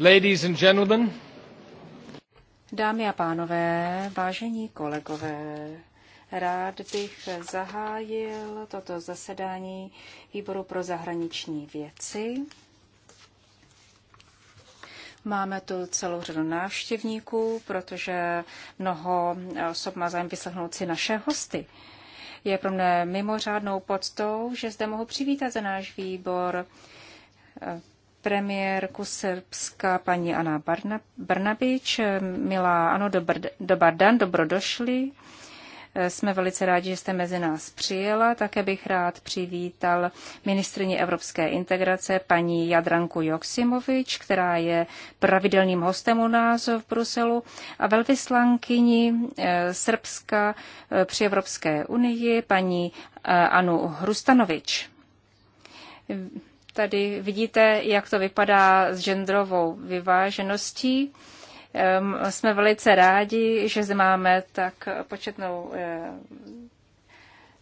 Ladies and gentlemen. Dámy a pánové, vážení kolegové, rád bych zahájil toto zasedání výboru pro zahraniční věci. Máme tu celou řadu návštěvníků, protože mnoho osob má zájem vyslechnout si naše hosty. Je pro mne mimořádnou poctou, že zde mohu přivítat za náš výbor premiérku Srbska paní Ana Barna, Brnabič. Milá, ano, dobr, dobar dan, dobrodošli. Jsme velice rádi, že jste mezi nás přijela. Také bych rád přivítal ministrině evropské integrace paní Jadranku Joksimovič, která je pravidelným hostem u nás v Bruselu a velvyslankyni eh, Srbska eh, při Evropské unii paní eh, Anu Hrustanovič. Tady vidíte, jak to vypadá s genderovou vyvážeností. Jsme velice rádi, že zde máme tak početnou eh,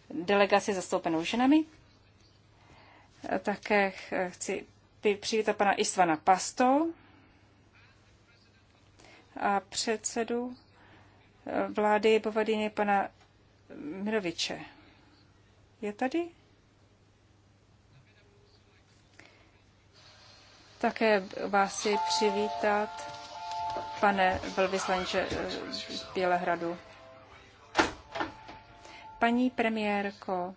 delegaci zastoupenou ženami. Také chci přivítat pana Istvana Pasto a předsedu eh, vlády Bovadiny pana Miroviče. Je tady? Také vás si přivítat, pane velvyslanče z eh, Bělehradu. Paní premiérko,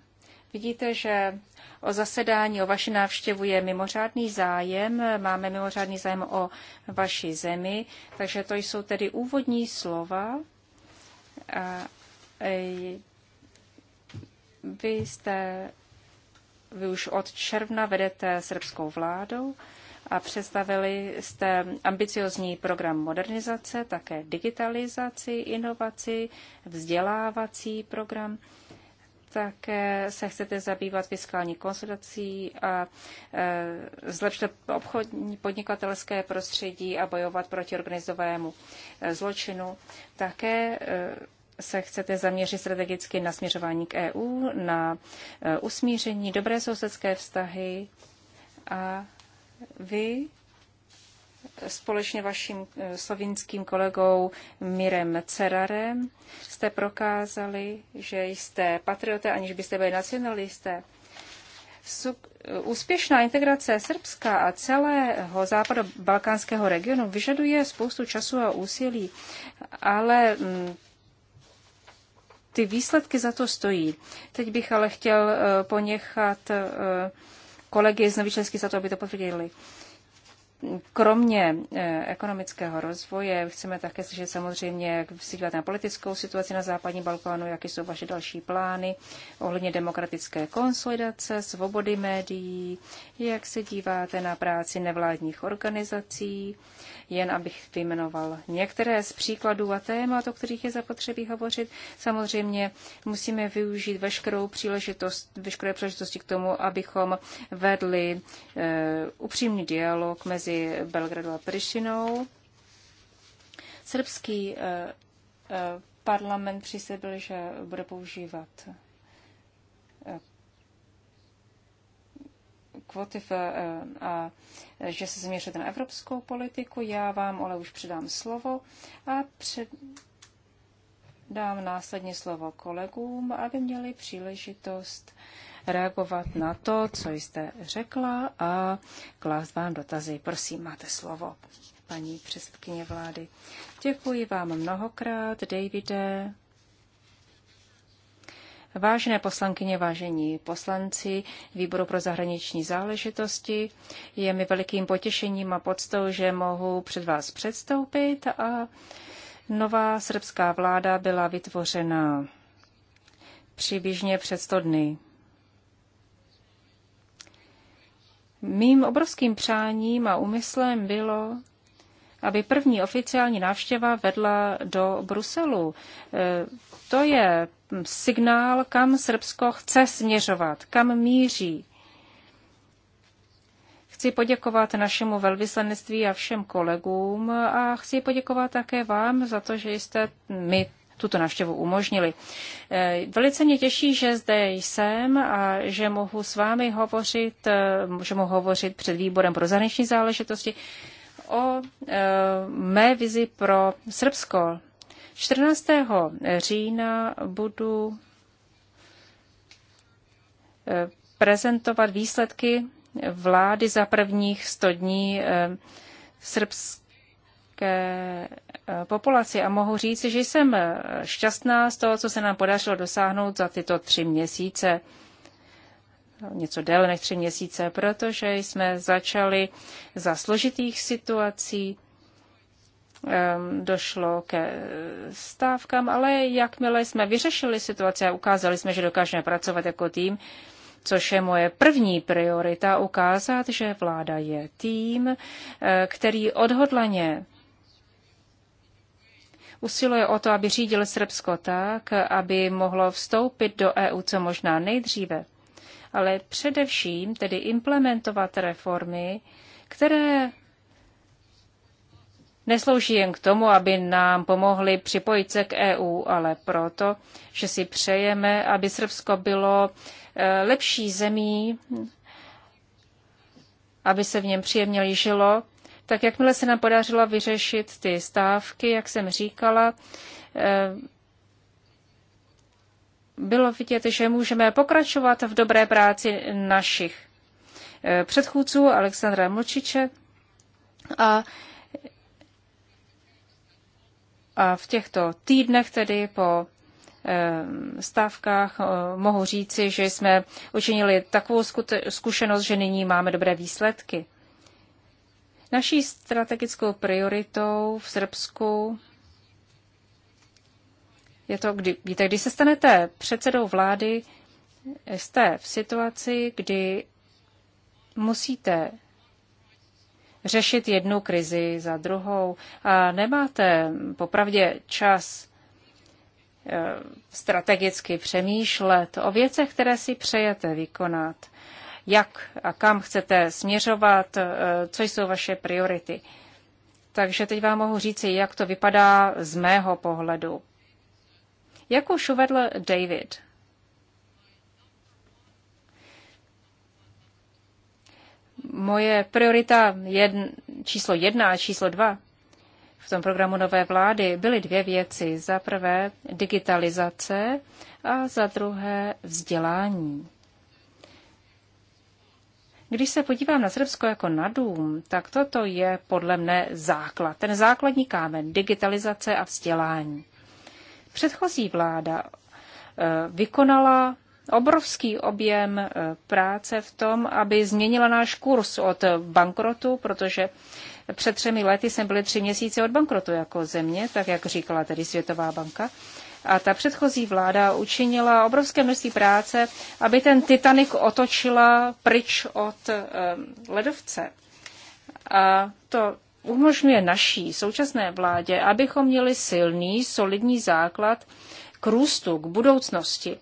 vidíte, že o zasedání, o vaši návštěvu je mimořádný zájem. Máme mimořádný zájem o vaši zemi, takže to jsou tedy úvodní slova. Vy jste, vy už od června vedete srbskou vládou a představili jste ambiciozní program modernizace, také digitalizaci, inovaci, vzdělávací program. Také se chcete zabývat fiskální konsolidací a e, zlepšit obchodní podnikatelské prostředí a bojovat proti organizovému e, zločinu. Také e, se chcete zaměřit strategicky na směřování k EU, na e, usmíření, dobré sousedské vztahy a vy společně vaším eh, slovinským kolegou Mirem Cerarem jste prokázali, že jste patrioté, aniž byste byli nacionalisté. Eh, úspěšná integrace Srbska a celého západobalkánského regionu vyžaduje spoustu času a úsilí, ale mm, ty výsledky za to stojí. Teď bych ale chtěl eh, poněchat kolegy z nových členských států, aby to potvrdili kromě eh, ekonomického rozvoje chceme také slyšet samozřejmě, jak si dívat na politickou situaci na západním Balkánu, jaké jsou vaše další plány ohledně demokratické konsolidace, svobody médií, jak se díváte na práci nevládních organizací, jen abych vyjmenoval některé z příkladů a témat, o kterých je zapotřebí hovořit. Samozřejmě musíme využít veškerou příležitost, veškeré příležitosti k tomu, abychom vedli e, upřímný dialog mezi mezi Belgradu a Prišinou. Srbský eh, eh, parlament přislíbil, že bude používat eh, kvoty a že se zaměříte na evropskou politiku. Já vám ale už předám slovo a před, dám následně slovo kolegům, aby měli příležitost uh, reagovat na to, co jste řekla a klást vám dotazy. Prosím, máte slovo, paní předsedkyně vlády. Děkuji vám mnohokrát, Davide. Vážené poslankyně, vážení poslanci Výboru pro zahraniční záležitosti, je mi velikým potěšením a poctou, že mohu před vás předstoupit a nová srbská vláda byla vytvořena přibližně před 100 dny. Mým obrovským přáním a úmyslem bylo, aby první oficiální návštěva vedla do Bruselu. E, to je signál, kam Srbsko chce směřovat, kam míří. Chci poděkovat našemu velvyslanectví a všem kolegům a chci poděkovat také vám za to, že jste mi tuto návštěvu umožnili. Eh, velice mě těší, že zde jsem a že mohu s vámi hovořit, eh, že mohu hovořit před výborem pro zahraniční záležitosti o eh, mé vizi pro Srbsko. 14. října budu prezentovat výsledky vlády za prvních 100 dní ke eh, populaci a mohu říct, že jsem eh, šťastná z toho, co se nám podařilo dosáhnout za tyto tři měsíce něco déle než tři měsíce, protože jsme začali za složitých situací, došlo ke stávkám, ale jakmile jsme vyřešili situaci a ukázali jsme, že dokážeme pracovat jako tým, což je moje první priorita, ukázat, že vláda je tým, eh, který odhodlaně usiluje o to, aby řídil Srbsko tak, aby mohlo vstoupit do EU co možná nejdříve, ale především tedy implementovat reformy, které neslouží jen k tomu, aby nám pomohli připojit se k EU, ale proto, že si přejeme, aby Srbsko bylo eh, lepší zemí, aby se v něm příjemně žilo tak jakmile se nám podařilo vyřešit ty stávky, jak jsem říkala, eh, bylo vidět, že můžeme pokračovat v dobré práci našich eh, předchůdců Alexandra Mlčiče a a v těchto týdnech tedy po eh, stávkách mohu říci, že jsme učinili takovou zkušenost, že nyní máme dobré výsledky. Naší strategickou prioritou v Srbsku je to, kdy, víte, když se stanete předsedou vlády, jste v situaci, kdy musíte řešit jednu krizi za druhou a nemáte popravdě čas eh, strategicky přemýšlet o věcech, které si přejete vykonat jak a kam chcete směřovat, eh, co jsou vaše priority. Takže teď vám mohu říci, jak to vypadá z mého pohledu. Jak už uvedl David, moje priorita jedn, číslo jedna a číslo dva v tom programu nové vlády byly dvě věci. Za prvé digitalizace a za druhé vzdělání. Když se podívám na Srbsko jako na dům, tak toto je podle mne základ, ten základní kámen digitalizace a vzdělání. Předchozí vláda eh, vykonala obrovský objem eh, práce v tom, aby změnila náš kurz od bankrotu, protože před třemi lety jsme byli tři měsíce od bankrotu jako země, tak jak říkala tedy Světová banka. A ta předchozí vláda učinila obrovské množství práce, aby ten Titanic otočila pryč od eh, ledovce. A to umožňuje naší současné vládě, abychom měli silný, solidní základ k růstu, k budoucnosti.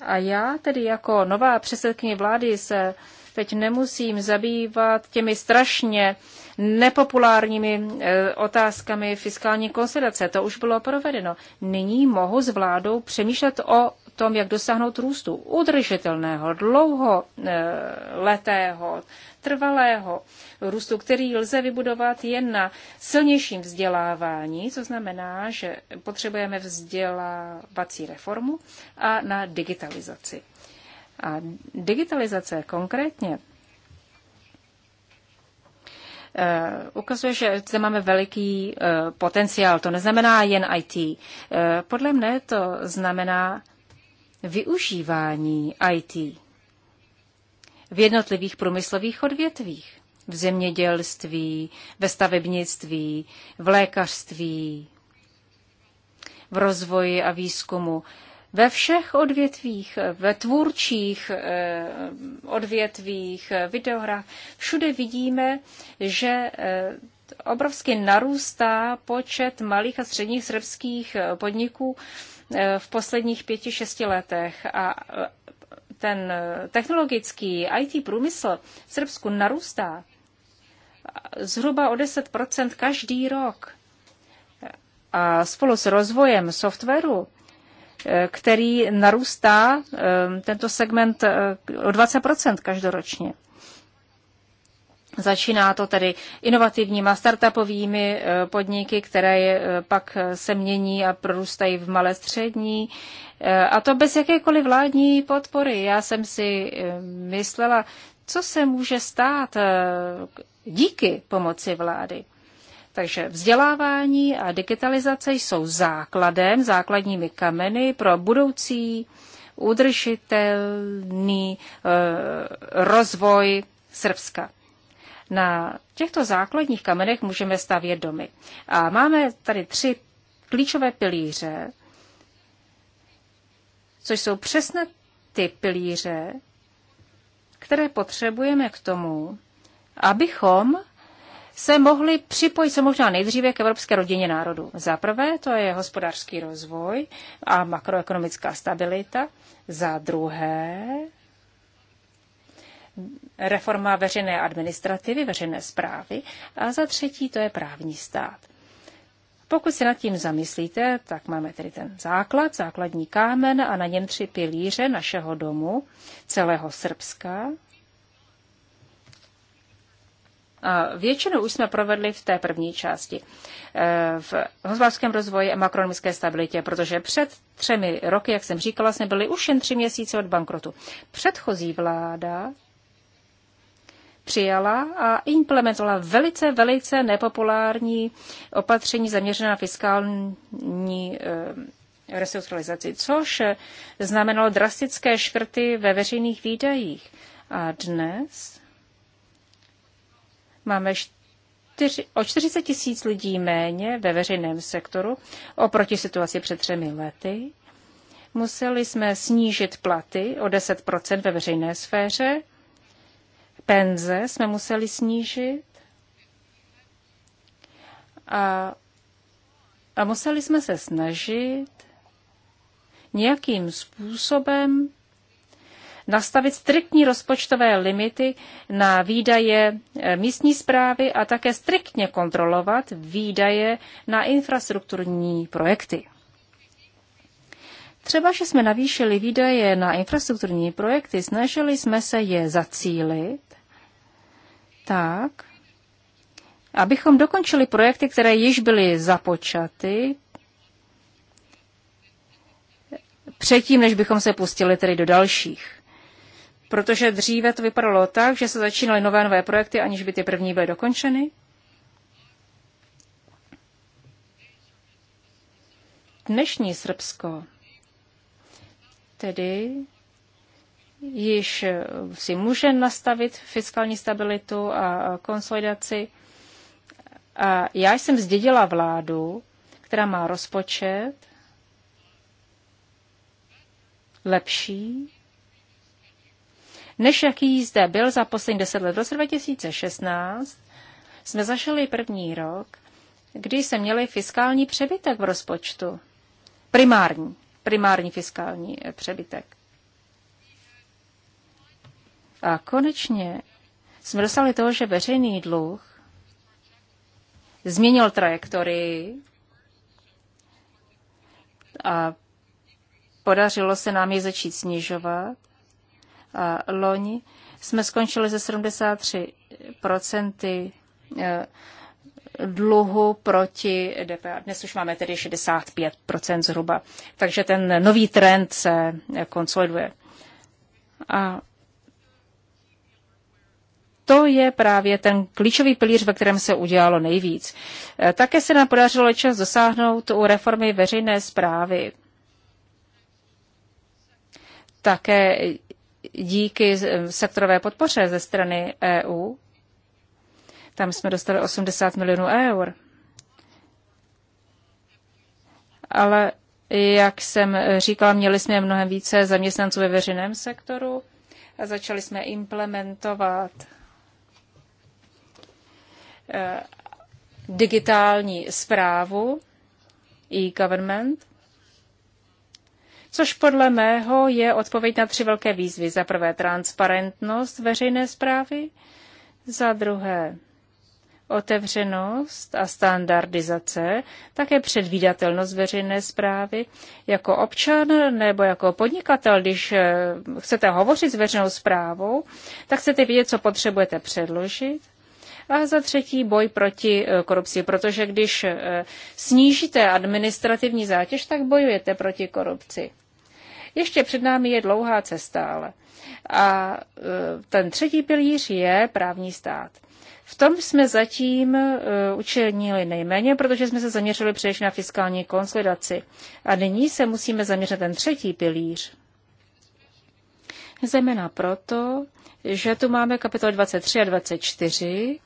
A já tedy jako nová předsedkyně vlády se teď nemusím zabývat těmi strašně nepopulárními eh, otázkami fiskální konsolidace. To už bylo provedeno. Nyní mohu s vládou přemýšlet o tom, jak dosáhnout růstu udržitelného, dlouholetého, eh, trvalého růstu, který lze vybudovat jen na silnějším vzdělávání, co znamená, že potřebujeme vzdělávací reformu a na digitalizaci. A digitalizace konkrétně eh, ukazuje, že zde máme veliký eh, potenciál. To neznamená jen IT. Eh, podle mne to znamená využívání IT v jednotlivých průmyslových odvětvích. V zemědělství, ve stavebnictví, v lékařství, v rozvoji a výzkumu ve všech odvětvích, ve tvůrčích eh, odvětvích, eh, videohrách, všude vidíme, že eh, obrovsky narůstá počet malých a středních srbských podniků v posledních pěti, šesti letech. A ten technologický IT průmysl v Srbsku narůstá zhruba o 10 každý rok. A spolu s rozvojem softwaru který narůstá eh, tento segment eh, o 20 každoročně. Začíná to tedy inovativníma startupovými eh, podniky, které pak se mění a prorůstají v malé střední. A to bez jakékoliv vládní podpory. Já jsem si myslela, co se může stát díky pomoci vlády. Takže vzdělávání a digitalizace jsou základem, základními kameny pro budoucí udržitelný e, rozvoj Srbska. Na těchto základních kamenech můžeme stavět domy. A máme tady tři klíčové pilíře, což jsou přesně ty pilíře, které potřebujeme k tomu, abychom se mohli připojit se možná nejdříve k evropské rodině národů. Za prvé, to je hospodářský rozvoj a makroekonomická stabilita. Za druhé, reforma veřejné administrativy, veřejné zprávy. A za třetí, to je právní stát. Pokud se nad tím zamyslíte, tak máme tedy ten základ, základní kámen a na něm tři pilíře našeho domu, celého Srbska, většinu už jsme provedli v té první části e, v hospodářském rozvoji a makronomické stabilitě, protože před třemi roky, jak jsem říkala, jsme byli už jen tři měsíce od bankrotu. Předchozí vláda přijala a implementovala velice, velice nepopulární opatření zaměřená na fiskální e, restrukturalizaci, což znamenalo drastické škrty ve veřejných výdajích. A dnes máme čtyři, o 40 tisíc lidí méně ve veřejném sektoru oproti situaci před třemi lety. Museli jsme snížit platy o 10 ve veřejné sféře. Penze jsme museli snížit. A, a museli jsme se snažit nějakým způsobem nastavit striktní rozpočtové limity na výdaje eh, místní zprávy a také striktně kontrolovat výdaje na infrastrukturní projekty. Třeba, že jsme navýšili výdaje na infrastrukturní projekty, snažili jsme se je zacílit tak, abychom dokončili projekty, které již byly započaty, předtím, než bychom se pustili tedy do dalších protože dříve to vypadalo tak, že se začínaly nové nové projekty, aniž by ty první byly dokončeny. Dnešní Srbsko tedy již si může nastavit fiskální stabilitu a konsolidaci. A já jsem zdědila vládu, která má rozpočet lepší než jaký zde byl za poslední deset let. V roce 2016 jsme zašli první rok, kdy jsme měli fiskální přebytek v rozpočtu. Primární, primární fiskální eh, přebytek. A konečně jsme dostali toho, že veřejný dluh změnil trajektorii a podařilo se nám ji začít snižovat loni jsme skončili ze 73% e, dluhu proti DPA. Dnes už máme tedy 65% zhruba. Takže ten nový trend se e, konsoliduje. A to je právě ten klíčový pilíř, ve kterém se udělalo nejvíc. E, také se nám podařilo čas dosáhnout u reformy veřejné zprávy. Také díky sektorové podpoře ze strany EU. Tam jsme dostali 80 milionů eur. Ale jak jsem říkala, měli jsme mnohem více zaměstnanců ve veřejném sektoru a začali jsme implementovat eh, digitální zprávu e-government což podle mého je odpověď na tři velké výzvy. Za prvé transparentnost veřejné zprávy, za druhé otevřenost a standardizace, také předvídatelnost veřejné zprávy. Jako občan nebo jako podnikatel, když eh, chcete hovořit s veřejnou zprávou, tak chcete vědět, co potřebujete předložit a za třetí boj proti e, korupci, protože když e, snížíte administrativní zátěž, tak bojujete proti korupci. Ještě před námi je dlouhá cesta, ale. A e, ten třetí pilíř je právní stát. V tom jsme zatím učinili nejméně, protože jsme se zaměřili především na fiskální konsolidaci. A nyní se musíme zaměřit na ten třetí pilíř. Zeměna proto, že tu máme kapitoly 23 a 24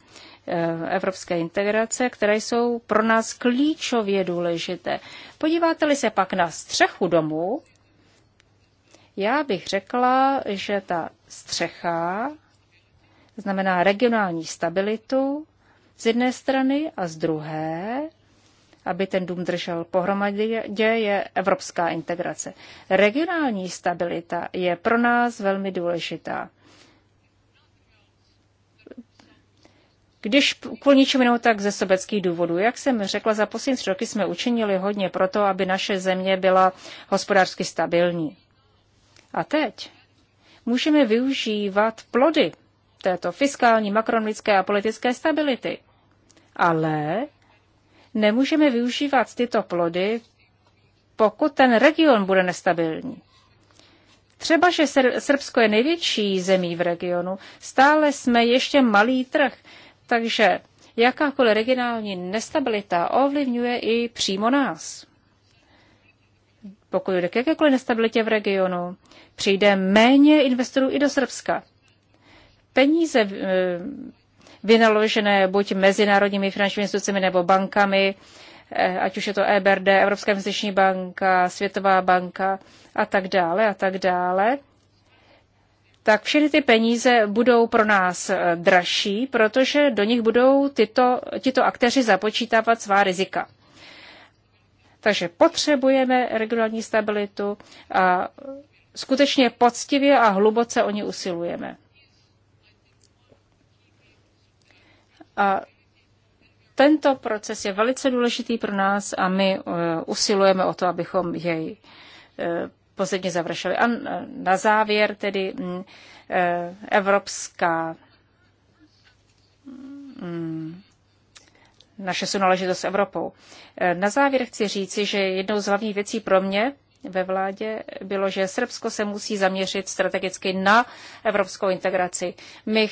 eh, evropské integrace, které jsou pro nás klíčově důležité. Podíváte-li se pak na střechu domu, já bych řekla, že ta střecha znamená regionální stabilitu z jedné strany a z druhé aby ten dům držel pohromadě, je evropská integrace. Regionální stabilita je pro nás velmi důležitá. Když kvůli ničemu jinou, tak ze sobeckých důvodů. Jak jsem řekla, za poslední tři roky jsme učinili hodně pro to, aby naše země byla hospodářsky stabilní. A teď můžeme využívat plody této fiskální, makronomické a politické stability. Ale nemůžeme využívat tyto plody, pokud ten region bude nestabilní. Třeba, že Srbsko je největší zemí v regionu, stále jsme ještě malý trh, takže jakákoliv regionální nestabilita ovlivňuje i přímo nás. Pokud jde k jakékoliv nestabilitě v regionu, přijde méně investorů i do Srbska. Peníze vynaložené buď mezinárodními finančními institucemi nebo bankami, eh, ať už je to EBRD, Evropská investiční banka, Světová banka a tak dále a tak dále, tak všechny ty peníze budou pro nás eh, dražší, protože do nich budou tyto, tyto aktéři započítávat svá rizika. Takže potřebujeme regionální stabilitu a skutečně poctivě a hluboce o ní usilujeme. A tento proces je velice důležitý pro nás a my eh, usilujeme o to, abychom jej eh, pozitivně završili. A na závěr tedy mm, eh, evropská mm, naše sounáležitost s Evropou. Na závěr chci říci, že jednou z hlavních věcí pro mě ve vládě bylo, že Srbsko se musí zaměřit strategicky na evropskou integraci. My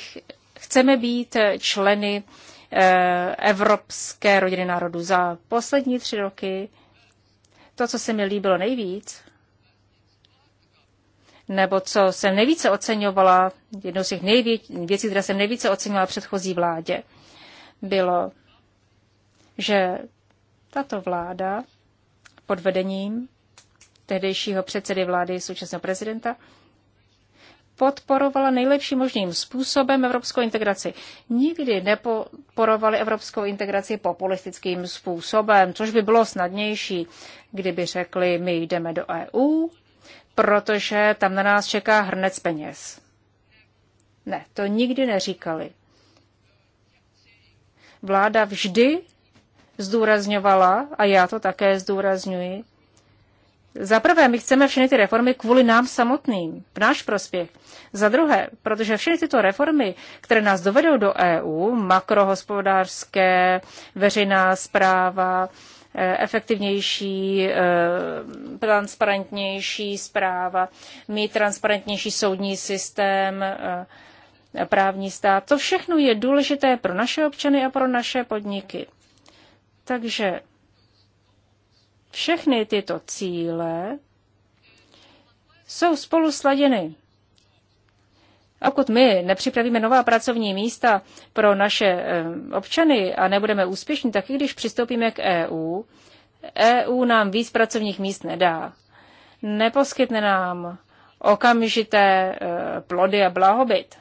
chceme být eh, členy eh, Evropské rodiny národů za poslední tři roky. To, co se mi líbilo nejvíc, nebo co jsem nejvíce oceňovala, jednou z těch věcí, které jsem nejvíce oceňovala předchozí vládě, bylo, že tato vláda pod vedením tehdejšího předsedy vlády současného prezidenta podporovala nejlepším možným způsobem evropskou integraci. Nikdy nepodporovali evropskou integraci populistickým způsobem, což by bylo snadnější, kdyby řekli, my jdeme do EU, protože tam na nás čeká hrnec peněz. Ne, to nikdy neříkali. Vláda vždy zdůrazňovala, a já to také zdůrazňuji, za prvé, my chceme všechny ty reformy kvůli nám samotným, v náš prospěch. Za druhé, protože všechny tyto reformy, které nás dovedou do EU, makrohospodářské, veřejná zpráva, eh, efektivnější, eh, transparentnější zpráva, mít transparentnější soudní systém, eh, právní stát, to všechno je důležité pro naše občany a pro naše podniky. Takže všechny tyto cíle jsou spolu sladěny. A pokud my nepřipravíme nová pracovní místa pro naše eh, občany a nebudeme úspěšní, tak i když přistoupíme k EU, EU nám víc pracovních míst nedá. Neposkytne nám okamžité eh, plody a blahobyt.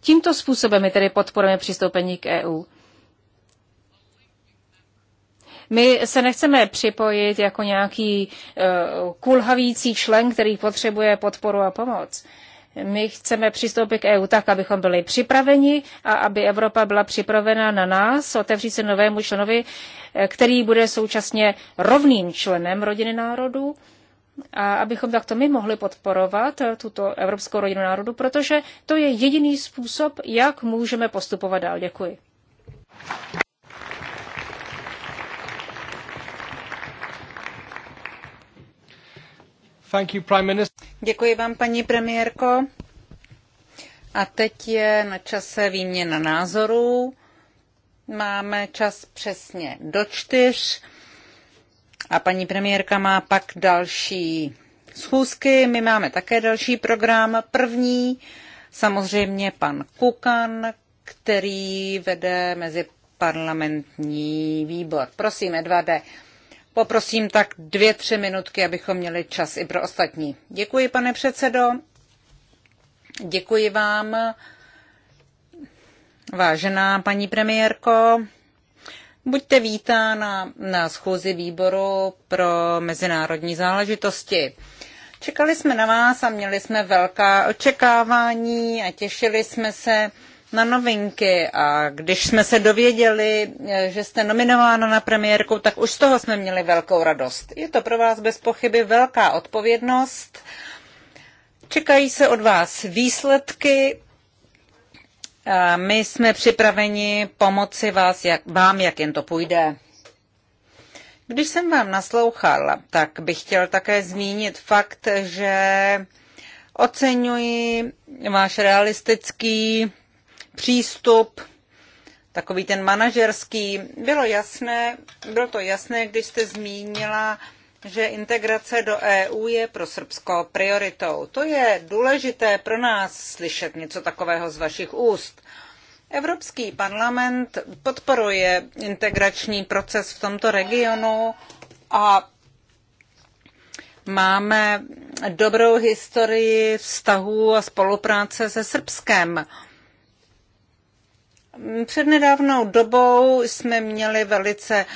Tímto způsobem my tedy podporujeme přistoupení k EU. My se nechceme připojit jako nějaký e, kulhavící člen, který potřebuje podporu a pomoc. My chceme přistoupit k EU tak, abychom byli připraveni a aby Evropa byla připravena na nás, otevřít se novému členovi, e, který bude současně rovným členem rodiny národů a abychom takto my mohli podporovat tuto Evropskou rodinu národů, protože to je jediný způsob, jak můžeme postupovat dál. Děkuji. Děkuji vám, paní premiérko. A teď je na čase výměna názorů. Máme čas přesně do čtyř a paní premiérka má pak další schůzky. My máme také další program. První samozřejmě pan Kukan, který vede mezi parlamentní výbor. Prosím, Edvarde. Poprosím tak dvě, tři minutky, abychom měli čas i pro ostatní. Děkuji, pane předsedo. Děkuji vám, vážená paní premiérko. Buďte vítána na schůzi výboru pro mezinárodní záležitosti. Čekali jsme na vás a měli jsme velká očekávání a těšili jsme se, na novinky a když jsme se dověděli, eh, že jste nominována na premiérku, tak už z toho jsme měli velkou radost. Je to pro vás bez pochyby velká odpovědnost. Čekají se od vás výsledky. A my jsme připraveni pomoci vás, jak, vám, jak jen to půjde. Když jsem vám naslouchal, tak bych chtěl také zmínit fakt, že oceňuji váš realistický přístup, takový ten manažerský. Bylo jasné, bylo to jasné, když jste zmínila, že integrace do EU je pro Srbsko prioritou. To je důležité pro nás slyšet něco takového z vašich úst. Evropský parlament podporuje integrační proces v tomto regionu a máme dobrou historii vztahů a spolupráce se Srbskem. Před nedávnou dobou jsme měli velice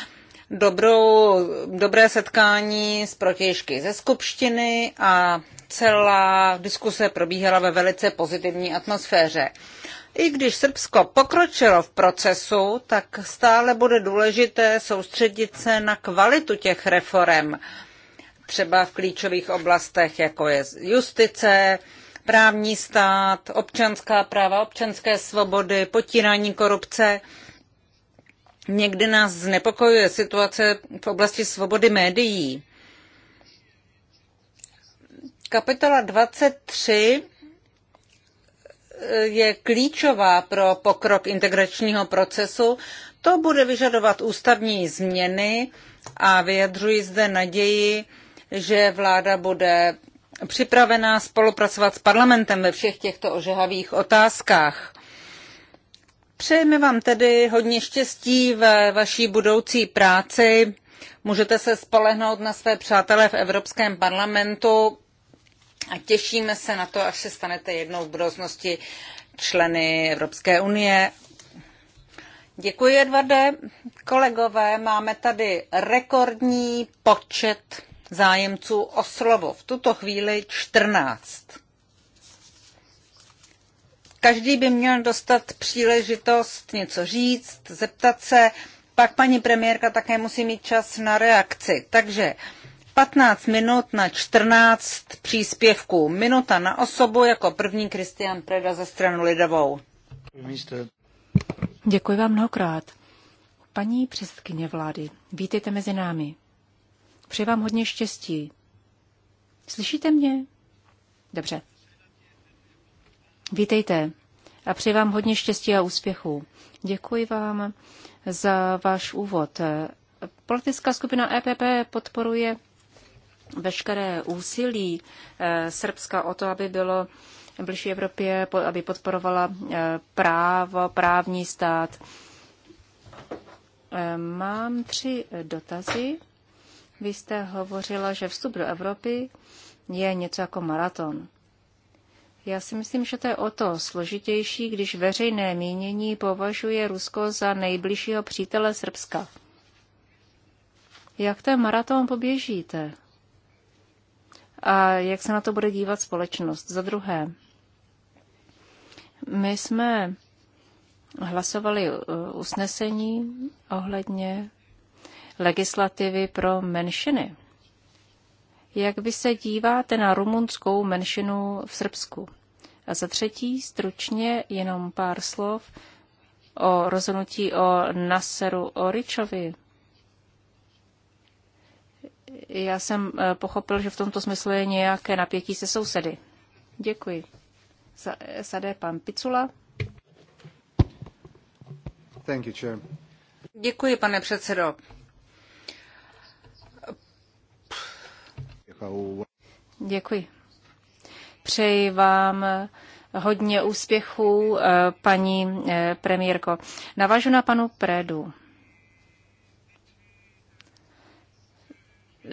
dobrou, dobré setkání s protěžky ze Skupštiny a celá diskuse probíhala ve velice pozitivní atmosféře. I když Srbsko pokročilo v procesu, tak stále bude důležité soustředit se na kvalitu těch reform, třeba v klíčových oblastech, jako je justice, právní stát, občanská práva, občanské svobody, potírání korupce. Někdy nás znepokojuje situace v oblasti svobody médií. Kapitola 23 eh, je klíčová pro pokrok integračního procesu. To bude vyžadovat ústavní změny a vyjadřuji zde naději, že vláda bude připravená spolupracovat s parlamentem ve všech těchto ožehavých otázkách. Přejeme vám tedy hodně štěstí ve vaší budoucí práci. Můžete se spolehnout na své přátelé v Evropském parlamentu a těšíme se na to, až se stanete jednou v budoucnosti členy Evropské unie. Děkuji, Edvarde. Kolegové, máme tady rekordní počet zájemců o slovo. V tuto chvíli 14. Každý by měl dostat příležitost něco říct, zeptat se, pak paní premiérka také musí mít čas na reakci. Takže 15 minut na 14 příspěvků. Minuta na osobu jako první Kristian Preda ze stranu Lidovou. Děkuji vám mnohokrát. Paní předsedkyně vlády, vítejte mezi námi. Přeji vám hodně štěstí. Slyšíte mě? Dobře. Vítejte a přeji vám hodně štěstí a úspěchu. Děkuji vám za váš úvod. Politická skupina EPP podporuje veškeré úsilí eh, Srbska o to, aby bylo blížší Evropě, aby podporovala eh, právo, právní stát. Eh, mám tři dotazy. Vy jste hovořila, že vstup do Evropy je něco jako maraton. Já si myslím, že to je o to složitější, když veřejné mínění považuje Rusko za nejbližšího přítele Srbska. Jak ten maraton poběžíte? A jak se na to bude dívat společnost? Za druhé, my jsme hlasovali uh, usnesení ohledně legislativy pro menšiny. Jak vy se díváte na rumunskou menšinu v Srbsku? A za třetí, stručně jenom pár slov o rozhodnutí o Naseru Oričovi. Já jsem eh, pochopil, že v tomto smyslu je nějaké napětí se sousedy. Děkuji. Za eh, pan Picula. Thank you, chair. Děkuji, pane předsedo. Děkuji. Přeji vám hodně úspěchů, eh, paní eh, premiérko. Navážu na panu Predu.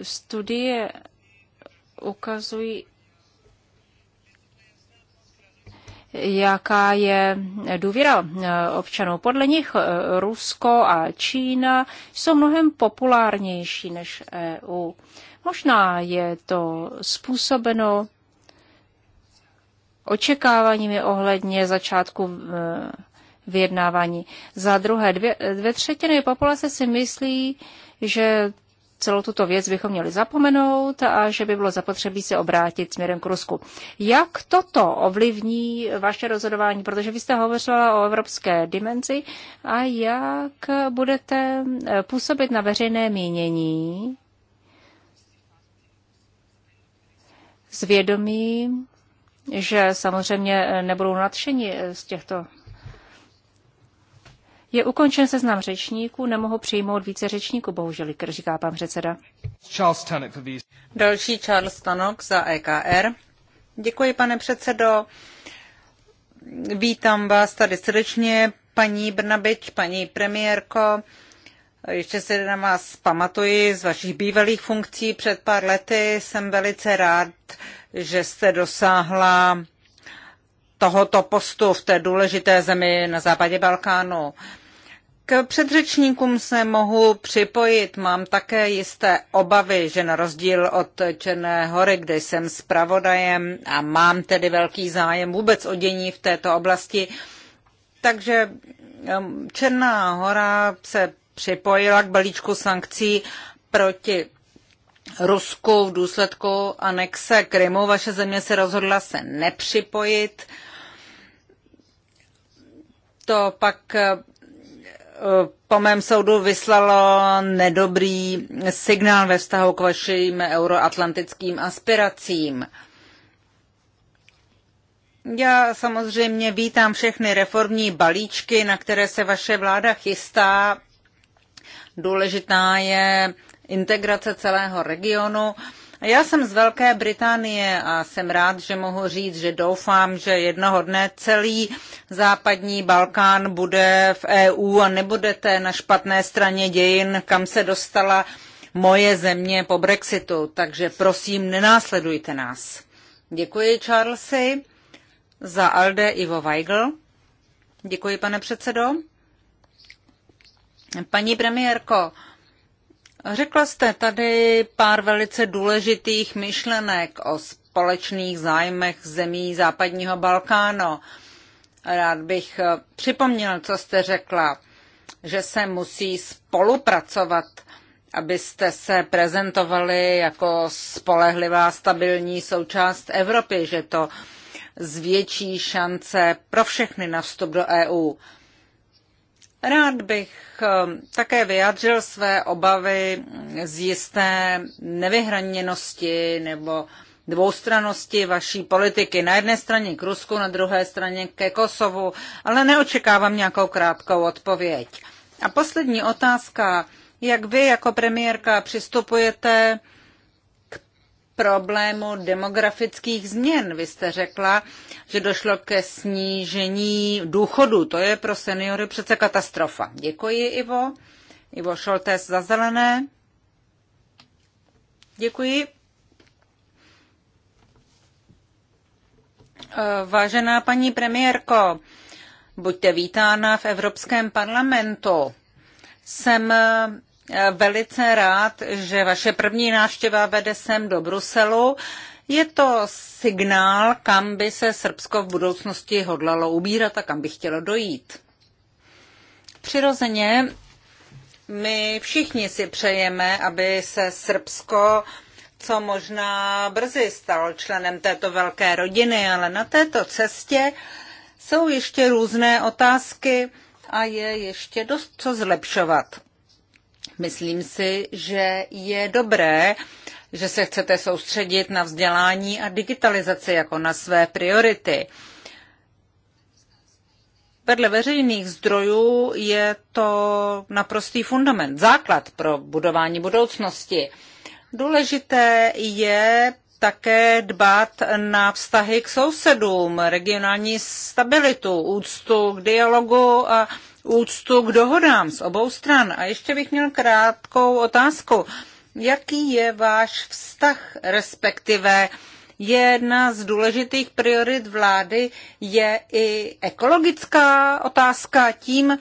Studie ukazují, jaká je důvěra eh, občanů. Podle nich Rusko a Čína jsou mnohem populárnější než EU. Možná je to způsobeno očekáváními ohledně začátku eh, vyjednávání. Za druhé, dvě, dvě třetiny populace si myslí, že celou tuto věc bychom měli zapomenout a že by bylo zapotřebí se obrátit směrem k Rusku. Jak toto ovlivní vaše rozhodování? Protože vy jste hovořila o evropské dimenzi a jak budete eh, působit na veřejné mínění zvědomí, že samozřejmě eh, nebudou nadšení eh, z těchto. Je ukončen seznam řečníků, nemohu přijmout více řečníků, bohužel, říká pan předseda. Charles Další Charles Tanok za EKR. Děkuji, pane předsedo. Vítám vás tady srdečně, paní Brnabič, paní premiérko. Ještě se na vás pamatuji z vašich bývalých funkcí před pár lety. Jsem velice rád, že jste dosáhla tohoto postu v té důležité zemi na západě Balkánu. K předřečníkům se mohu připojit. Mám také jisté obavy, že na rozdíl od Černé hory, kde jsem zpravodajem a mám tedy velký zájem vůbec o dění v této oblasti, takže um, Černá hora se připojila k balíčku sankcí proti Rusku v důsledku anexe Krymu. Vaše země se rozhodla se nepřipojit. To pak eh, po mém soudu vyslalo nedobrý signál ve vztahu k vašim euroatlantickým aspiracím. Já samozřejmě vítám všechny reformní balíčky, na které se vaše vláda chystá Důležitá je integrace celého regionu. Já jsem z Velké Británie a jsem rád, že mohu říct, že doufám, že jednoho dne celý západní Balkán bude v EU a nebudete na špatné straně dějin, kam se dostala moje země po Brexitu. Takže prosím, nenásledujte nás. Děkuji, Charlesy. Za Alde Ivo Weigl. Děkuji, pane předsedo. Paní premiérko, řekla jste tady pár velice důležitých myšlenek o společných zájmech zemí západního Balkánu. Rád bych připomněl, co jste řekla, že se musí spolupracovat, abyste se prezentovali jako spolehlivá stabilní součást Evropy, že to zvětší šance pro všechny na vstup do EU. Rád bych ehm, také vyjádřil své obavy z jisté nevyhraněnosti nebo dvoustranosti vaší politiky. Na jedné straně k Rusku, na druhé straně ke Kosovu, ale neočekávám nějakou krátkou odpověď. A poslední otázka, jak vy jako premiérka přistupujete problému demografických změn. Vy jste řekla, že došlo ke snížení důchodu. To je pro seniory přece katastrofa. Děkuji, Ivo. Ivo Šoltes za zelené. Děkuji. Vážená paní premiérko, buďte vítána v Evropském parlamentu. Jsem velice rád, že vaše první návštěva vede sem do Bruselu. Je to signál, kam by se Srbsko v budoucnosti hodlalo ubírat a kam by chtělo dojít. Přirozeně my všichni si přejeme, aby se Srbsko co možná brzy stalo členem této velké rodiny, ale na této cestě jsou ještě různé otázky a je ještě dost co zlepšovat. Myslím si, že je dobré, že se chcete soustředit na vzdělání a digitalizaci jako na své priority. Vedle veřejných zdrojů je to naprostý fundament, základ pro budování budoucnosti. Důležité je také dbát na vztahy k sousedům, regionální stabilitu, úctu k dialogu a úctu k dohodám z obou stran. A ještě bych měl krátkou otázku. Jaký je váš vztah, respektive jedna z důležitých priorit vlády je i ekologická otázka, tím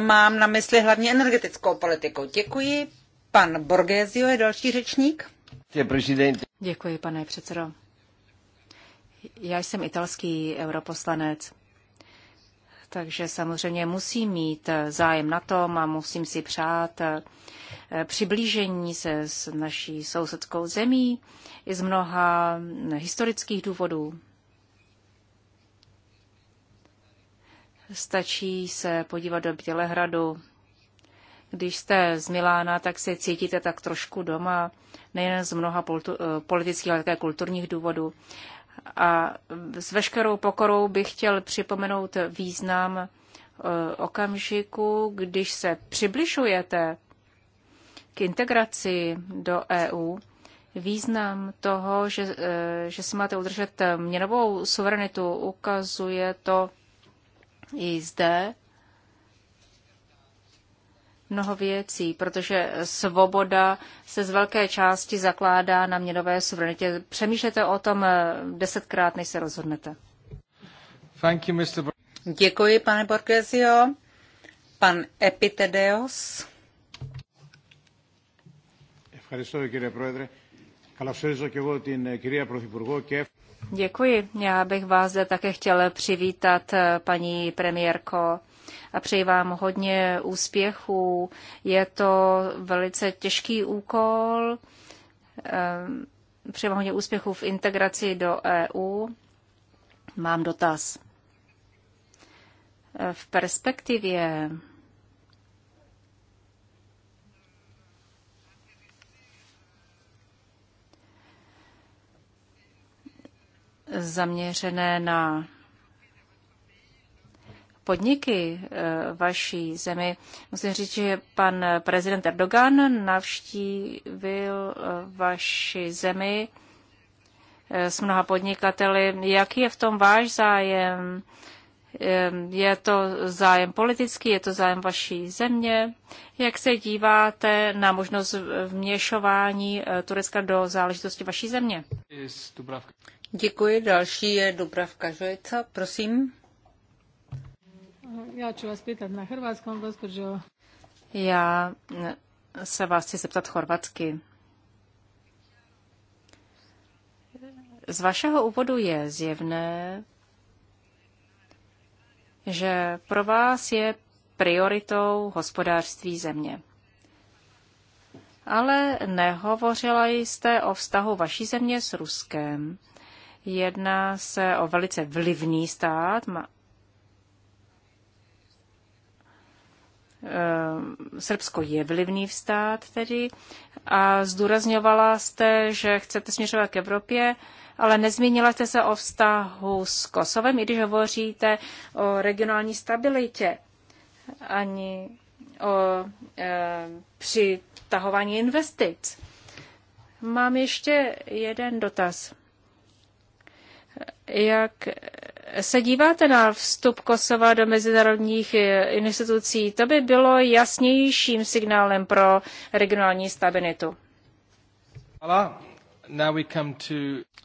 mám na mysli hlavně energetickou politiku. Děkuji. Pan Borgesio je další řečník. Děkuji, pane předsedo. Já jsem italský europoslanec, takže samozřejmě musím mít zájem na tom a musím si přát eh, přiblížení se s naší sousedskou zemí i z mnoha eh, historických důvodů. Stačí se podívat do Bělehradu když jste z Milána, tak se cítíte tak trošku doma, nejen z mnoha eh, politických, ale také kulturních důvodů. A s veškerou pokorou bych chtěl připomenout význam eh, okamžiku, když se přibližujete k integraci do EU, význam toho, že, eh, že si máte udržet měnovou suverenitu, ukazuje to i zde, mnoho věcí, protože svoboda se z velké části zakládá na měnové suverenitě. Přemýšlete o tom eh, desetkrát, než se rozhodnete. Thank you, Mr. Děkuji, pane Borgesio. Pan Epitedeos. Děkuji. Já bych vás zde také chtěl přivítat, eh, paní premiérko a přeji vám hodně úspěchů. Je to velice těžký úkol. Ehm, přeji vám hodně úspěchů v integraci do EU. Mám dotaz. E, v perspektivě zaměřené na podniky eh, vaší zemi. Musím říct, že pan prezident Erdogan navštívil eh, vaši zemi eh, s mnoha podnikateli. Jaký je v tom váš zájem? Je to zájem politický, je to zájem vaší země? Jak se díváte na možnost vměšování Turecka do záležitosti vaší země? Děkuji. Další je Dubravka Žojca, prosím. Já ću vás pýtat na hrvatskom, gospođo. Já se vás chci zeptat chorvatsky. Z vašeho úvodu je zjevné, že pro vás je prioritou hospodářství země. Ale nehovořila jste o vztahu vaší země s Ruskem. Jedná se o velice vlivný stát, Eh, Srbsko je vlivný stát tedy a zdůrazňovala jste, že chcete směřovat k Evropě, ale nezmínila jste se o vztahu s Kosovem, i když hovoříte o regionální stabilitě, ani o e, eh, přitahování investic. Mám ještě jeden dotaz. Jak se díváte na vstup Kosova do mezinárodních eh, institucí, to by bylo jasnějším signálem pro regionální stabilitu.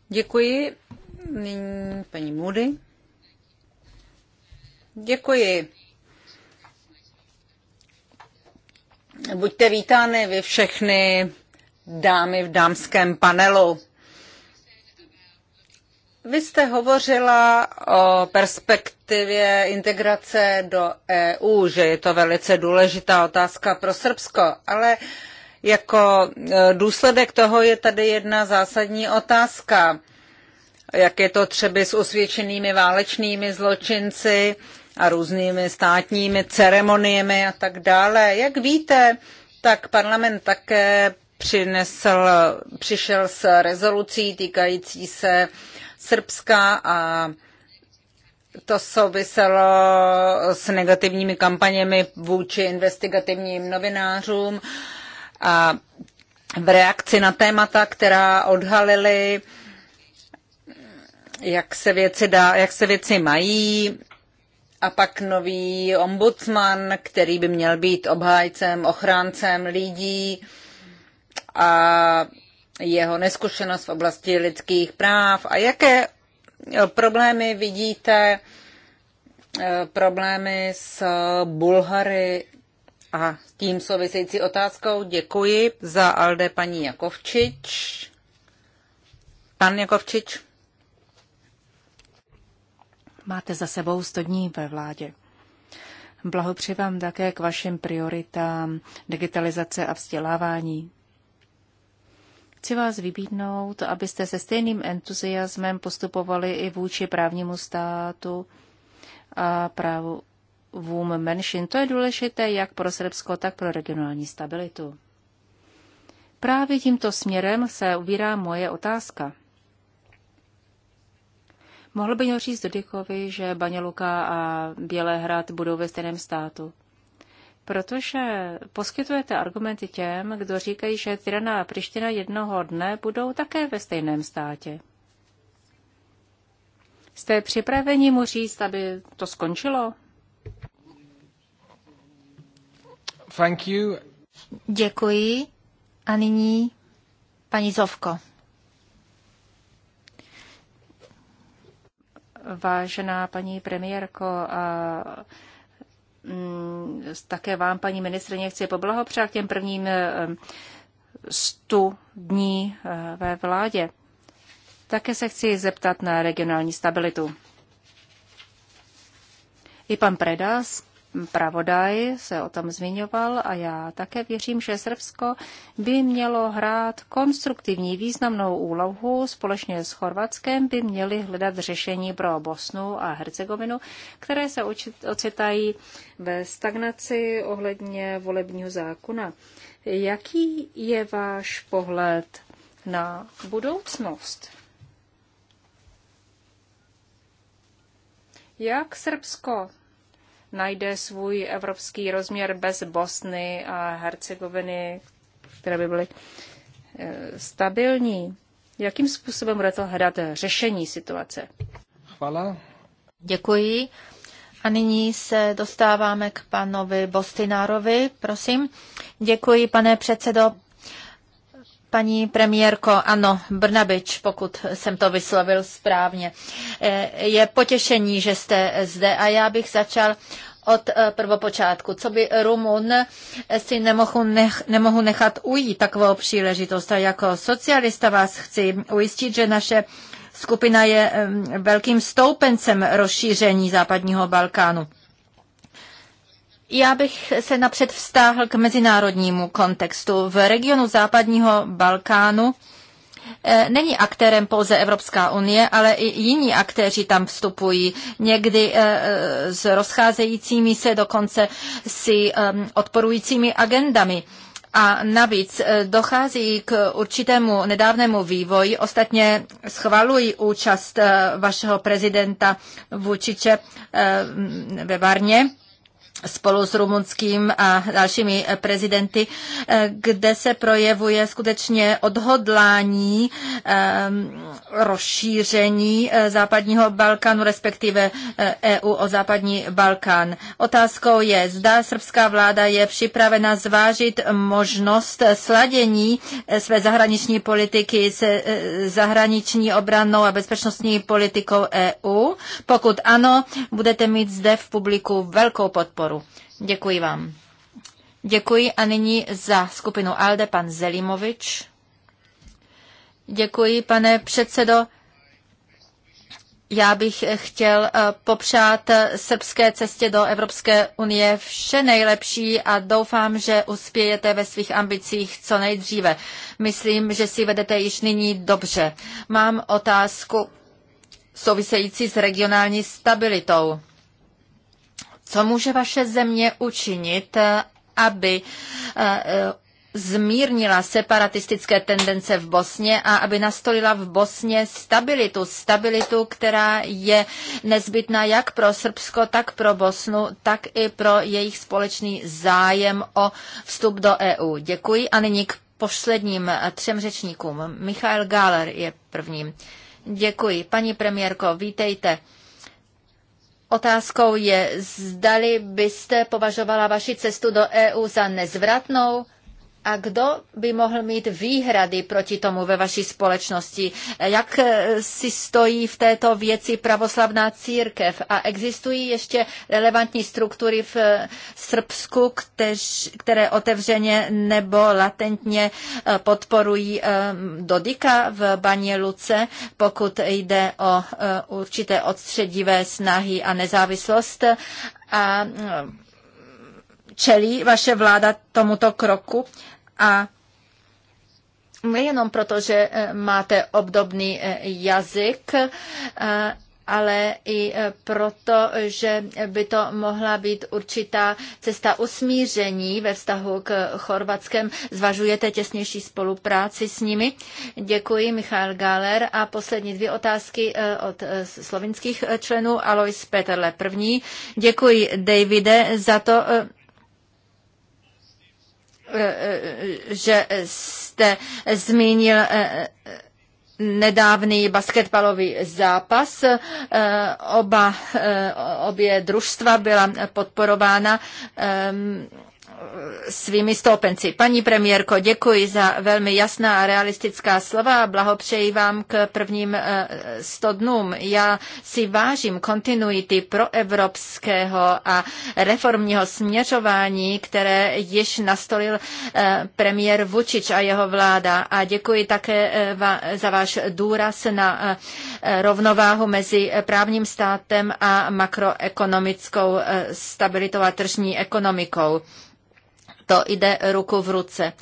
Děkuji. Nyní paní Moody. Děkuji. Buďte vítány vy všechny dámy v dámském panelu. Vy jste hovořila o perspektivě integrace do EU, že je to velice důležitá otázka pro Srbsko, ale jako e, důsledek toho je tady jedna zásadní otázka. Jak je to třeba s osvědčenými válečnými zločinci a různými státními ceremoniemi a tak dále. Jak víte, tak parlament také přinesl, přišel s rezolucí týkající se uh, Srbska a to souviselo s negativními kampaněmi vůči investigativním novinářům a v reakci na témata, která odhalili, jak se věci, dá, jak se věci mají, a pak nový ombudsman, který by měl být obhájcem, ochráncem lidí a jeho neskušenost v oblasti lidských práv a jaké eh, problémy vidíte, eh, problémy s eh, Bulhary a tím související otázkou. Děkuji za Alde paní Jakovčič. Pan Jakovčič. Máte za sebou 100 dní ve vládě. Blahopřeji vám také k vašim prioritám digitalizace a vzdělávání. Chci vás vybídnout, abyste se stejným entuziasmem postupovali i vůči právnímu státu a právu vům menšin. To je důležité jak pro Srbsko, tak pro regionální stabilitu. Právě tímto směrem se ubírá moje otázka. Mohl by říct Dodikovi, že Baněluka a Bělehrad budou ve stejném státu protože poskytujete argumenty těm, kdo říkají, že Tirana a Priština jednoho dne budou také ve stejném státě. Jste připraveni mu říct, aby to skončilo? Thank you. Děkuji. A nyní paní Zovko. Vážená paní premiérko, a Mm, také vám, paní ministrině, chci poblahopřát těm prvním eh, stu dní eh, ve vládě. Také se chci zeptat na regionální stabilitu. I pan Preda z Pravodaj se o tom zmiňoval a já také věřím, že Srbsko by mělo hrát konstruktivní významnou úlohu společně s Chorvatskem by měli hledat řešení pro Bosnu a Hercegovinu, které se ocitají ve stagnaci ohledně volebního zákona. Jaký je váš pohled na budoucnost? Jak Srbsko najde svůj evropský rozměr bez Bosny a Hercegoviny, které by byly eh, stabilní. Jakým způsobem budete hledat řešení situace? Chvala. Děkuji. A nyní se dostáváme k panovi Bostinárovi, prosím. Děkuji, pane předsedo. Paní premiérko, ano, Brnabič, pokud jsem to vyslovil správně. E, je potěšení, že jste zde a já bych začal od e, prvopočátku. Co by Rumun si nemohu, nech, nemohu nechat ujít takovou příležitost. A jako socialista vás chci ujistit, že naše skupina je velkým stoupencem rozšíření západního Balkánu. Já bych se napřed vztáhl k mezinárodnímu kontextu. V regionu západního Balkánu eh, není aktérem pouze Evropská unie, ale i jiní aktéři tam vstupují. Někdy eh, eh, s rozcházejícími se, dokonce si odporujícími agendami. A navíc dochází k určitému nedávnému vývoji. Ostatně schvalují účast vašeho prezidenta Vučiče ve Varně spolu s rumunským a dalšími eh, prezidenty, eh, kde se projevuje skutečně odhodlání eh, rozšíření západního Balkánu, respektive EU e o západní Balkán. Otázkou je, zda srbská vláda je připravena zvážit možnost sladění své zahraniční politiky se zahraniční obranou a bezpečnostní politikou EU. Pokud ano, budete mít zde v publiku velkou podporu sektoru. Děkuji vám. Děkuji a nyní za skupinu ALDE pan Zelimovič. Děkuji, pane předsedo. Já bych chtěl eh, popřát eh, srbské cestě do Evropské unie vše nejlepší a doufám, že uspějete ve svých ambicích co nejdříve. Myslím, že si vedete již nyní dobře. Mám otázku související s regionální stabilitou. Co může vaše země učinit, aby eh, eh, zmírnila separatistické tendence v Bosně a aby nastolila v Bosně stabilitu. Stabilitu, která je nezbytná jak pro Srbsko, tak pro Bosnu, tak i pro jejich společný zájem o vstup do EU. Děkuji a nyní k posledním eh, třem řečníkům. Michal Gáler je prvním. Děkuji. Paní premiérko, vítejte. Otázkou je, zdali byste považovala vaši cestu do EU za nezvratnou? A kdo by mohl mít výhrady proti tomu ve vaší společnosti? Jak eh, si stojí v této věci pravoslavná církev? A existují ještě relevantní struktury v eh, Srbsku, kteř, které otevřeně nebo latentně eh, podporují Dodika v Baně Luce, pokud jde o určité odstředivé snahy a nezávislost. A čelí vaše vláda tomuto kroku? A nejenom proto, že eh, máte obdobný eh, jazyk, eh, ale i proto, že by to mohla být určitá cesta usmíření ve vztahu k Chorvatskem. Zvažujete těsnější spolupráci s nimi? Děkuji, Michal Galer. A poslední dvě otázky od slovinských členů. Alois Peterle první. Děkuji, Davide, za to, že jste zmínil eh, nedávný basketbalový zápas. Eh, oba, eh, obě družstva byla podporována ehm, svými stoupenci. Paní premiérko, děkuji za velmi jasná a realistická slova a blahopřeji vám k prvním 100 eh, dnům. Já si vážím kontinuity proevropského a reformního směřování, které již nastolil eh, premiér Vučič a jeho vláda. A děkuji také eh, za váš důraz na rovnováhu mezi právním státem a makroekonomickou stabilitou a tržní ekonomikou to jde ruku v ruce.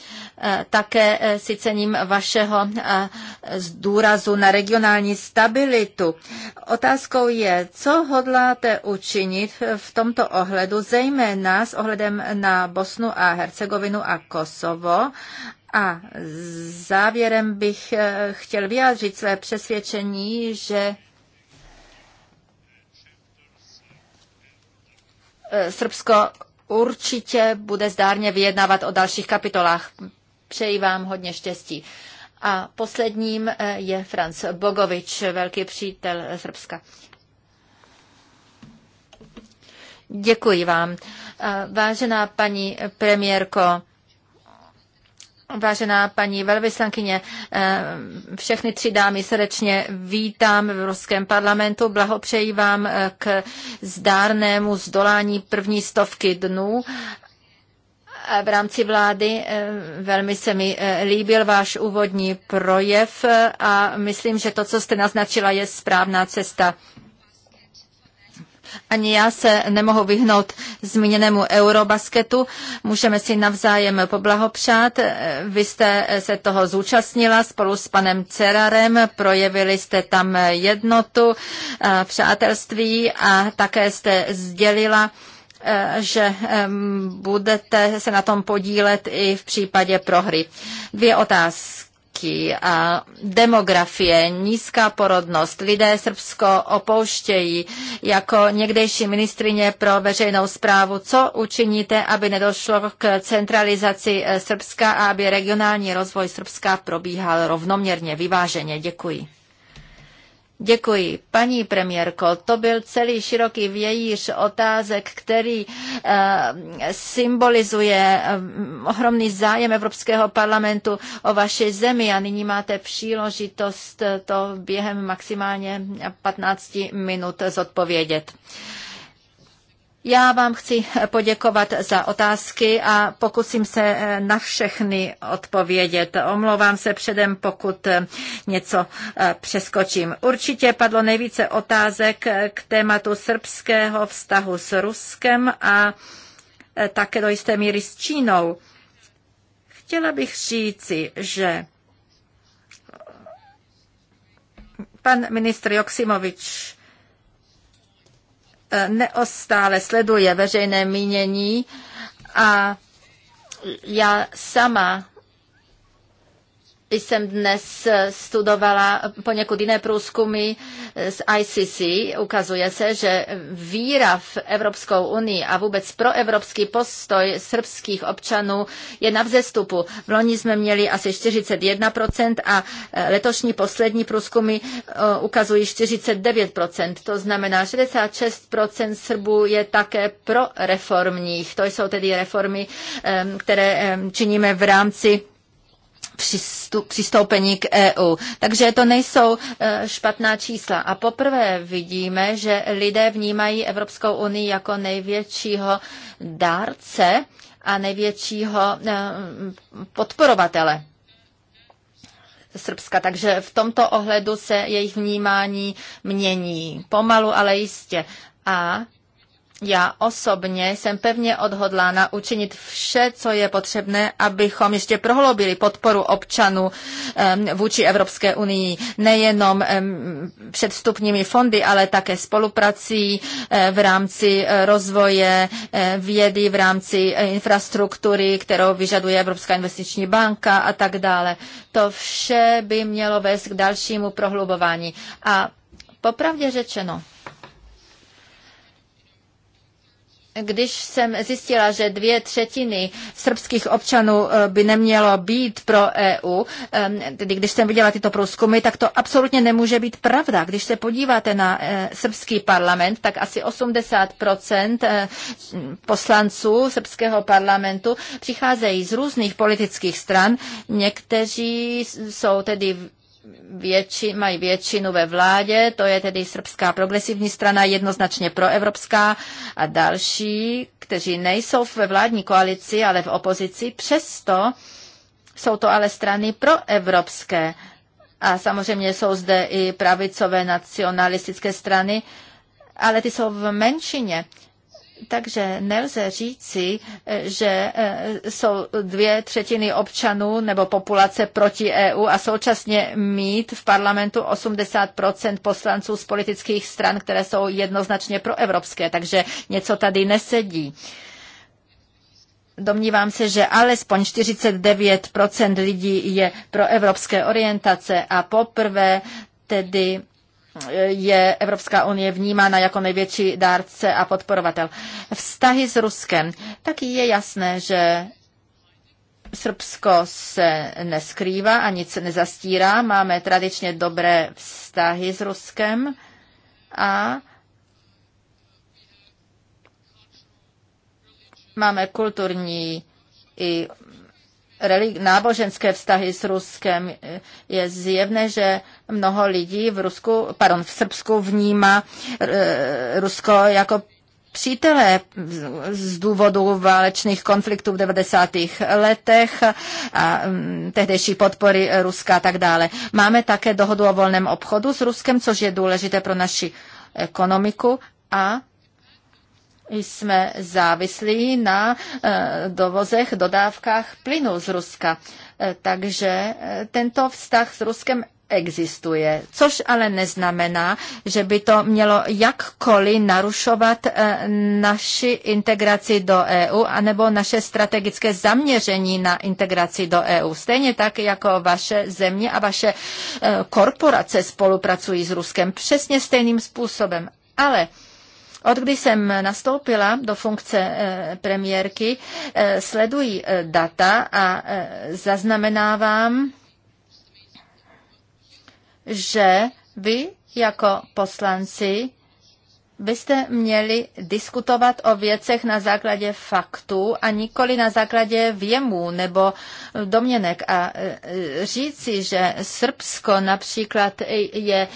E, také e, si cením vašeho e, zdůrazu na regionální stabilitu. Otázkou je, co hodláte učinit v tomto ohledu, zejména s ohledem na Bosnu a Hercegovinu a Kosovo a závěrem bych chtěl vyjádřit své přesvědčení, že Srbsko určitě bude zdárně vyjednávat o dalších kapitolách. Přeji vám hodně štěstí. A posledním eh, je Franz Bogovič, velký přítel Srbska. Děkuji vám. Eh, vážená paní premiérko, Vážená paní velvyslankyně, eh, všechny tři dámy srdečně vítám v Evropském parlamentu. Blahopřeji vám eh, k zdárnému zdolání první stovky dnů eh, v rámci vlády. Velmi se mi líbil váš úvodní projev a myslím, že to, co jste naznačila, je správná cesta. Ani já se nemohu vyhnout zmíněnému eurobasketu. Můžeme si navzájem poblahopřát. Vy jste se toho zúčastnila spolu s panem Cerarem, projevili jste tam jednotu, přátelství a také jste sdělila, že budete se na tom podílet i v případě prohry. Dvě otázky věky a demografie, nízká porodnost. Lidé Srbsko opouštějí jako někdejší ministrině pro veřejnou zprávu. Co učiníte, aby nedošlo k centralizaci eh, Srbska a aby regionální rozvoj Srbska probíhal rovnoměrně, vyváženě? Děkuji. Děkuji. Paní premiérko, to byl celý široký vějíř otázek, který eh, symbolizuje eh, ohromný zájem Evropského parlamentu o vaši zemi a nyní máte příležitost to během maximálně 15 minut zodpovědět. Já vám chci poděkovat za otázky a pokusím se eh, na všechny odpovědět. Omlouvám se předem, pokud eh, něco eh, přeskočím. Určitě padlo nejvíce otázek k tématu srbského vztahu s Ruskem a také do jisté míry s Čínou. Chtěla bych říci, že pan ministr Joksimovič E, neostále sleduje veřejné mínění a já sama jsem dnes eh, studovala poněkud jiné průzkumy eh, z ICC. Ukazuje se, že víra v Evropskou unii a vůbec proevropský postoj srbských občanů je na vzestupu. V loni jsme měli asi 41% a eh, letošní poslední průzkumy ukazují 49%. To znamená, 66% Srbů je také proreformních. To jsou tedy reformy, které činíme v rámci přistoupení k EU. Takže to nejsou e, špatná čísla. A poprvé vidíme, že lidé vnímají Evropskou unii jako největšího dárce a největšího e, podporovatele. Srbska. Takže v tomto ohledu se jejich vnímání mění pomalu, ale jistě. A já osobně jsem pevně odhodlána učinit vše, co je potřebné, abychom ještě prohloubili podporu občanů vůči Evropské unii nejenom předstupními fondy, ale také spoluprací eh, v rámci eh, rozvoje eh, vědy, v rámci infrastruktury, kterou vyžaduje Evropská investiční banka a tak dále. To vše by mělo vést k dalšímu prohlubování. A popravdě řečeno, když jsem zjistila, že dvě třetiny srbských občanů eh, by nemělo být pro EU, eh, tedy když jsem viděla tyto průzkumy, tak to absolutně nemůže být pravda. Když se podíváte na eh, srbský parlament, tak asi 80% poslanců srbského parlamentu přicházejí z různých politických stran. Někteří jsou tedy větši, mají většinu ve vládě, to je tedy srbská progresivní strana, jednoznačně proevropská a další, kteří nejsou ve vládní koalici, ale v opozici, přesto jsou to ale strany proevropské. A samozřejmě jsou zde i pravicové nacionalistické strany, ale ty jsou v menšině. Takže nelze říci, eh, že eh, jsou dvě třetiny občanů nebo populace proti EU a současně mít v parlamentu 80 poslanců z politických stran, které jsou jednoznačně proevropské, takže něco tady nesedí. Domnívám se, že alespoň 49 lidí je pro evropské orientace a poprvé tedy je Evropská unie vnímána jako největší dárce a podporovatel. Vztahy s Ruskem. Tak je jasné, že Srbsko se neskrývá a nic nezastírá. Máme tradičně dobré vztahy s Ruskem a máme kulturní i náboženské vztahy s Ruskem. Je zjevné, že mnoho lidí v, Rusku, pardon, v Srbsku vnímá eh, Rusko jako přítelé z důvodu válečných konfliktů v 90. letech a mm, tehdejší podpory Ruska a tak dále. Máme také dohodu o volném obchodu s Ruskem, což je důležité pro naši ekonomiku a jsme závislí na eh, dovozech, dodávkách plynu z Ruska. Eh, takže eh, tento vztah s Ruskem existuje, což ale neznamená, že by to mělo jakkoliv narušovat naši integraci do EU anebo naše strategické zaměření na integraci do EU. Stejně tak jako vaše země a vaše korporace spolupracují s Ruskem přesně stejným způsobem. Ale od kdy jsem nastoupila do funkce eh, premiérky, eh, sleduji eh, data a zaznamenávám, že vy jako poslanci byste měli diskutovat o věcech na základě faktů a nikoli na základě věmů nebo domněnek a e, říci, že Srbsko například je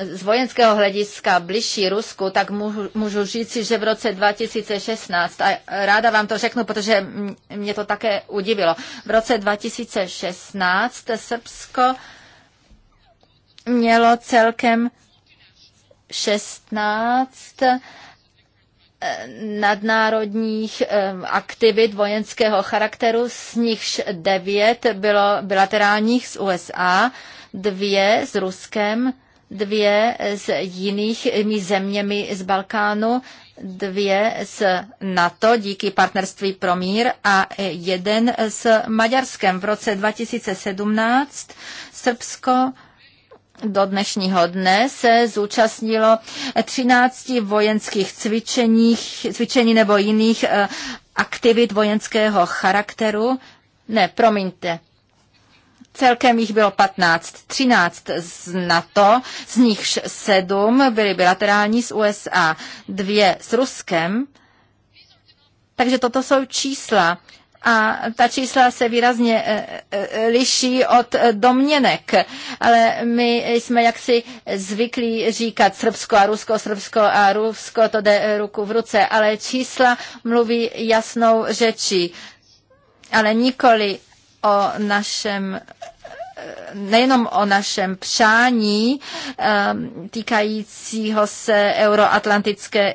z vojenského hlediska bližší Rusku, tak můžu říci, že v roce 2016, a ráda vám to řeknu, protože mě to také udivilo, v roce 2016 Srbsko mělo celkem 16 eh, nadnárodních eh, aktivit vojenského charakteru, z nichž 9 bylo bilaterálních z USA, dvě s Ruskem, dvě s jinými zeměmi z Balkánu, dvě s NATO díky partnerství pro mír a jeden s Maďarskem. V roce 2017 Srbsko do dnešního dne se zúčastnilo 13 vojenských cvičeních, cvičení nebo jiných eh, aktivit vojenského charakteru. Ne, promiňte, Celkem jich bylo 15, 13 z NATO, z nichž 7 byly bilaterální s USA, dvě s Ruskem. Takže toto jsou čísla a ta čísla se výrazně eh, eh, liší od eh, domněnek, ale my jsme jaksi zvyklí říkat Srbsko a Rusko, Srbsko a Rusko, to jde ruku v ruce, ale čísla mluví jasnou řečí, ale nikoli o našem nejenom o našem přání týkajícího se euroatlantické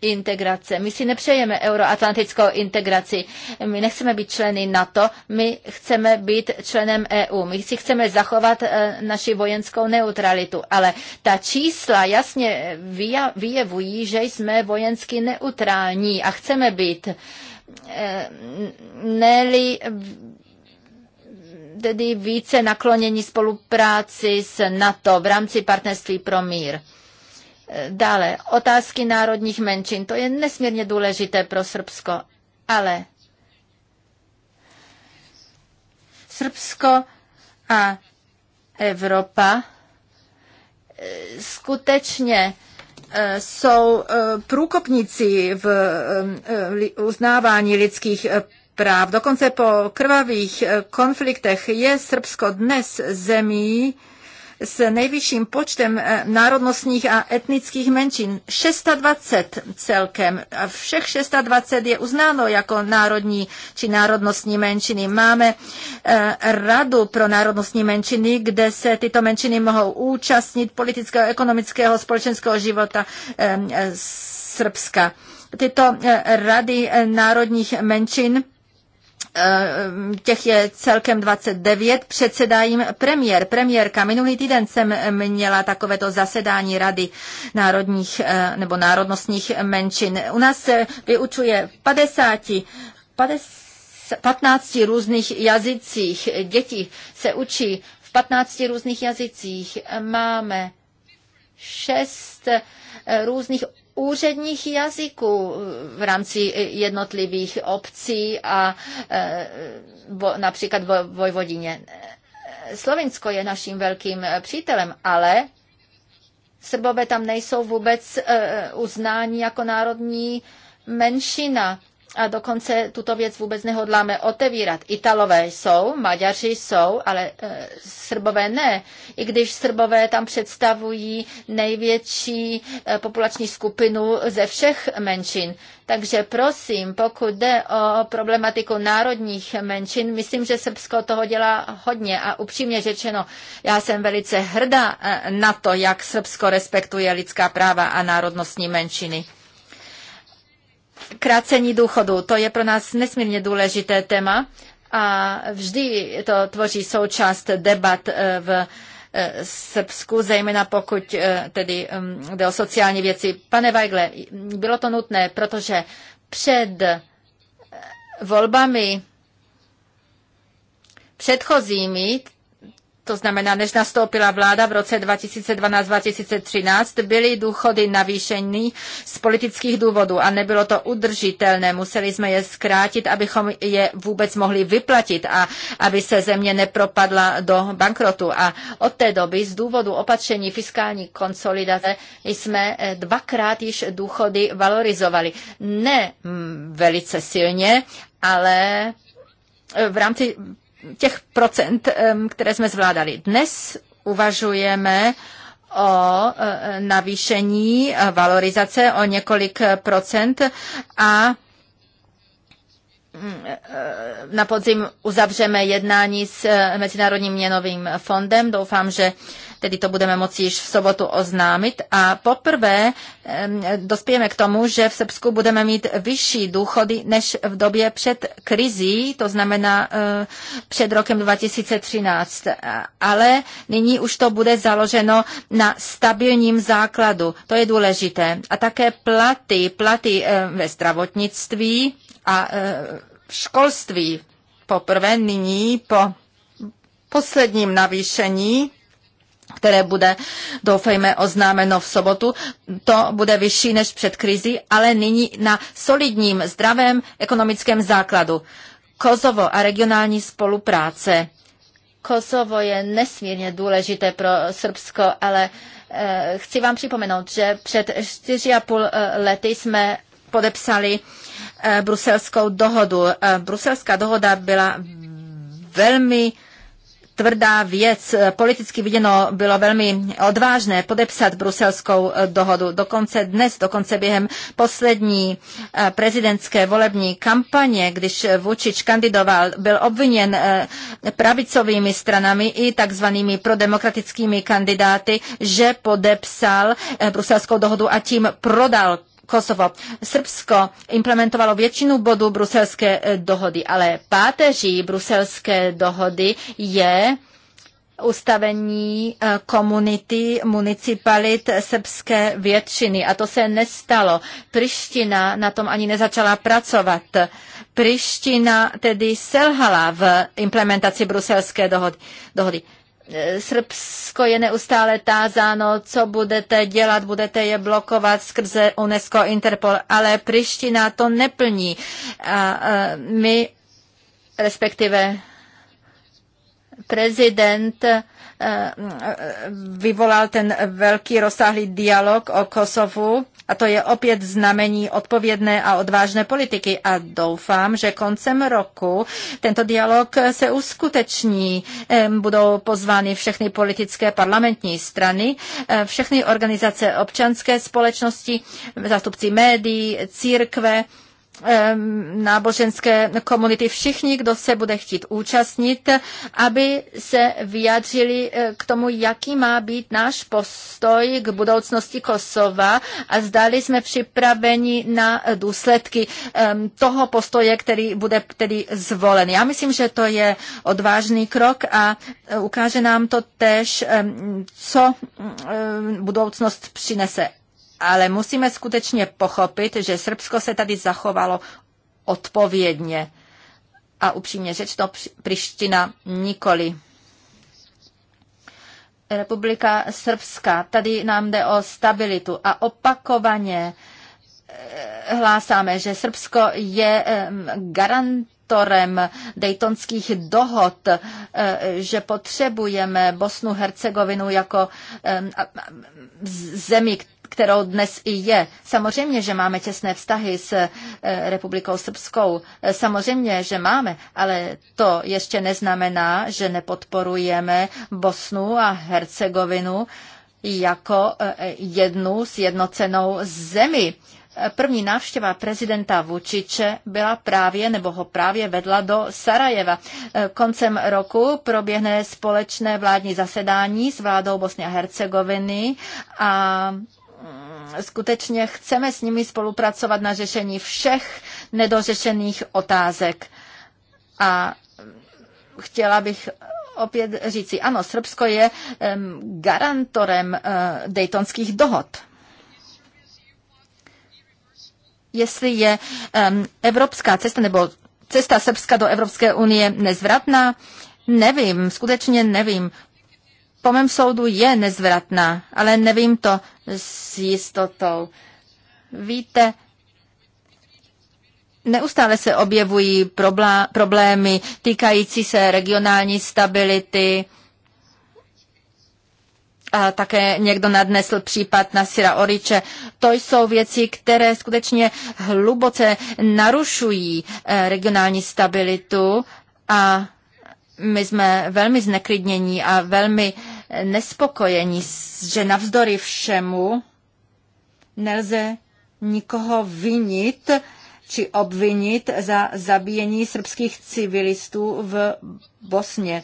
integrace. My si nepřejeme euroatlantickou integraci. My nechceme být členy NATO, my chceme být členem EU. My si chceme zachovat e, naši vojenskou neutralitu. Ale ta čísla jasně vyjevují, že jsme vojensky neutrální a chceme být. E, neli tedy více naklonění spolupráci s NATO v rámci partnerství pro mír. Dále, otázky národních menšin. To je nesmírně důležité pro Srbsko, ale Srbsko a Evropa e, skutečně e, jsou e, průkopníci v uznávání lidských práv. Dokonce po krvavých konfliktech je Srbsko dnes zemí, s nejvyšším počtem eh, národnostních a etnických menšin. 620 celkem. A všech 620 je uznáno jako národní či národnostní menšiny. Máme eh, radu pro národnostní menšiny, kde se tyto menšiny mohou účastnit politického, ekonomického, společenského života eh, Srbska. Tyto rady národních menšin těch je celkem 29, předsedá jim premiér, premiérka. Minulý týden jsem měla takovéto zasedání Rady národních eh, nebo národnostních menšin. U nás se vyučuje 50, 50 15 různých jazycích. Děti se učí v 15 různých jazycích. Máme šest eh, různých úředních jazyků v rámci jednotlivých obcí a e, například v Vojvodině. Slovinsko je naším velkým e, přítelem, ale Srbové tam nejsou vůbec e, uznáni jako národní menšina a dokonce tuto věc vůbec nehodláme otevírat. Italové jsou, Maďaři jsou, ale e, Srbové ne. I když Srbové tam představují největší e, populační skupinu ze všech menšin. Takže prosím, pokud jde o problematiku národních menšin, myslím, že Srbsko toho dělá hodně a upřímně řečeno, já jsem velice hrdá eh, na to, jak Srbsko respektuje lidská práva a národnostní menšiny krácení důchodu. To je pro nás nesmírně důležité téma a vždy to tvoří součást debat eh, v eh, Srbsku, zejména pokud eh, tedy mm, jde o sociální věci. Pane Weigle, bylo to nutné, protože před volbami předchozími to znamená, než nastoupila vláda v roce 2012-2013, byly důchody navýšeny z politických důvodů a nebylo to udržitelné. Museli jsme je zkrátit, abychom je vůbec mohli vyplatit a aby se země nepropadla do bankrotu. A od té doby z důvodu opatření fiskální konsolidace jsme eh, dvakrát již důchody valorizovali. Ne mm, velice silně, ale eh, v rámci těch procent, které jsme zvládali. Dnes uvažujeme o e, navýšení valorizace o několik procent a mm, e, na podzim uzavřeme jednání s e, Mezinárodním měnovým fondem. Doufám, že tedy to budeme moci již v sobotu oznámit. A poprvé dospějeme k tomu, že v Srbsku budeme mít vyšší důchody než v době před krizí, to znamená eh, před rokem 2013. Ale nyní už to bude založeno na stabilním základu. To je důležité. A také platy, platy eh, ve zdravotnictví a eh, v školství poprvé nyní po posledním navýšení které bude, doufejme, oznámeno v sobotu. To bude vyšší než před krizi, ale nyní na solidním, zdravém ekonomickém základu. Kosovo a regionální spolupráce. Kosovo je nesmírně důležité pro Srbsko, ale eh, chci vám připomenout, že před 4,5 eh, lety jsme podepsali eh, bruselskou dohodu. Eh, bruselská dohoda byla velmi eh, tvrdá věc. Eh, politicky viděno bylo velmi odvážné podepsat bruselskou eh, dohodu. Dokonce dnes, dokonce během poslední eh, prezidentské volební kampaně, když Vučič kandidoval, byl obviněn pravicovými stranami i takzvanými prodemokratickými kandidáty, že podepsal bruselskou dohodu a tím prodal Kosovo. Srbsko implementovalo většinu bodů bruselské eh, dohody, ale páteří bruselské dohody je ustavení eh, komunity municipalit srbské většiny. A to se nestalo. Priština na tom ani nezačala pracovat. Priština tedy selhala v implementaci bruselské dohody. E, Srbsko je neustále tázáno, co budete dělat, budete je blokovat skrze UNESCO Interpol, ale Priština to neplní. A my, respektive prezident, e, vyvolal ten velký rozsáhlý dialog o Kosovu a to je opět znamení odpovědné a odvážné politiky a doufám, že koncem roku tento dialog se uskuteční. Budou pozvány všechny politické parlamentní strany, e, všechny organizace občanské společnosti, zástupci médií, církve, náboženské komunity, všichni, kdo se bude chtít účastnit, aby se vyjádřili eh, k tomu, jaký má být náš postoj k budoucnosti Kosova a zdali jsme připraveni na důsledky toho postoje, který bude tedy zvolen. Já myslím, že to je odvážný krok a eh, ukáže nám to tež, co mm, eh, budoucnost přinese ale musíme skutečně pochopit, že Srbsko se tady zachovalo odpovědně. A upřímně řečeno, Priština nikoli. Republika Srbská. Tady nám jde o stabilitu a opakovaně eh, hlásáme, že Srbsko je eh, garantorem dejtonských dohod, eh, že potřebujeme Bosnu Hercegovinu jako zemi, kterou dnes i je. Samozřejmě, že máme těsné vztahy s eh, Republikou Srbskou. Eh, samozřejmě, že máme, ale to ještě neznamená, že nepodporujeme Bosnu a Hercegovinu jako eh, jednu sjednocenou zemi. První návštěva prezidenta Vučiče byla právě, nebo ho právě vedla do Sarajeva. Koncem roku proběhne společné vládní zasedání s vládou Bosny a Hercegoviny a Mm, skutečně chceme s nimi spolupracovat na řešení všech nedořešených otázek. A chtěla bych opět říci, ano, Srbsko je garantorem eh, Daytonských dohod jestli je evropská cesta nebo cesta Srbska do Evropské unie nezvratná, nevím, skutečně nevím. Po mém soudu je nezvratná, ale nevím to s jistotou. Víte, Neustále se objevují problémy týkající se regionální stability. A také někdo nadnesl případ na Sira Oriče. To jsou věci, které skutečně hluboce narušují eh, regionální stabilitu a my jsme velmi zneklidnění a velmi uh, nespokojeni, že navzdory všemu nelze nikoho vinit či obvinit za zabíjení srbských civilistů v Bosně.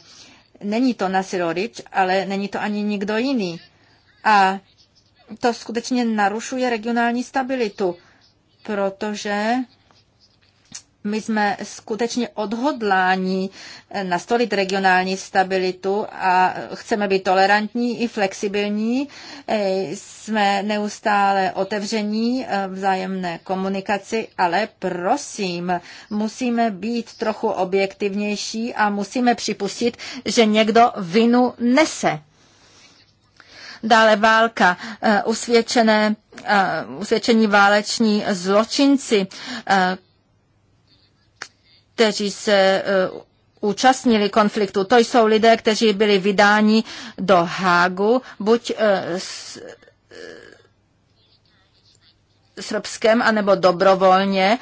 Není to Nasirorič, ale není to ani nikdo jiný. A to skutečně narušuje regionální stabilitu, protože my jsme skutečně odhodláni eh, nastolit regionální stabilitu a chceme být tolerantní i flexibilní. Eh, jsme neustále otevření eh, vzájemné komunikaci, ale prosím, musíme být trochu objektivnější a musíme připustit, že někdo vinu nese dále válka, usvědčené, usvědčení váleční zločinci, kteří se eh, účastnili konfliktu. To jsou lidé, kteří byli vydáni do Hágu, buď eh, s eh, srbském, anebo dobrovolně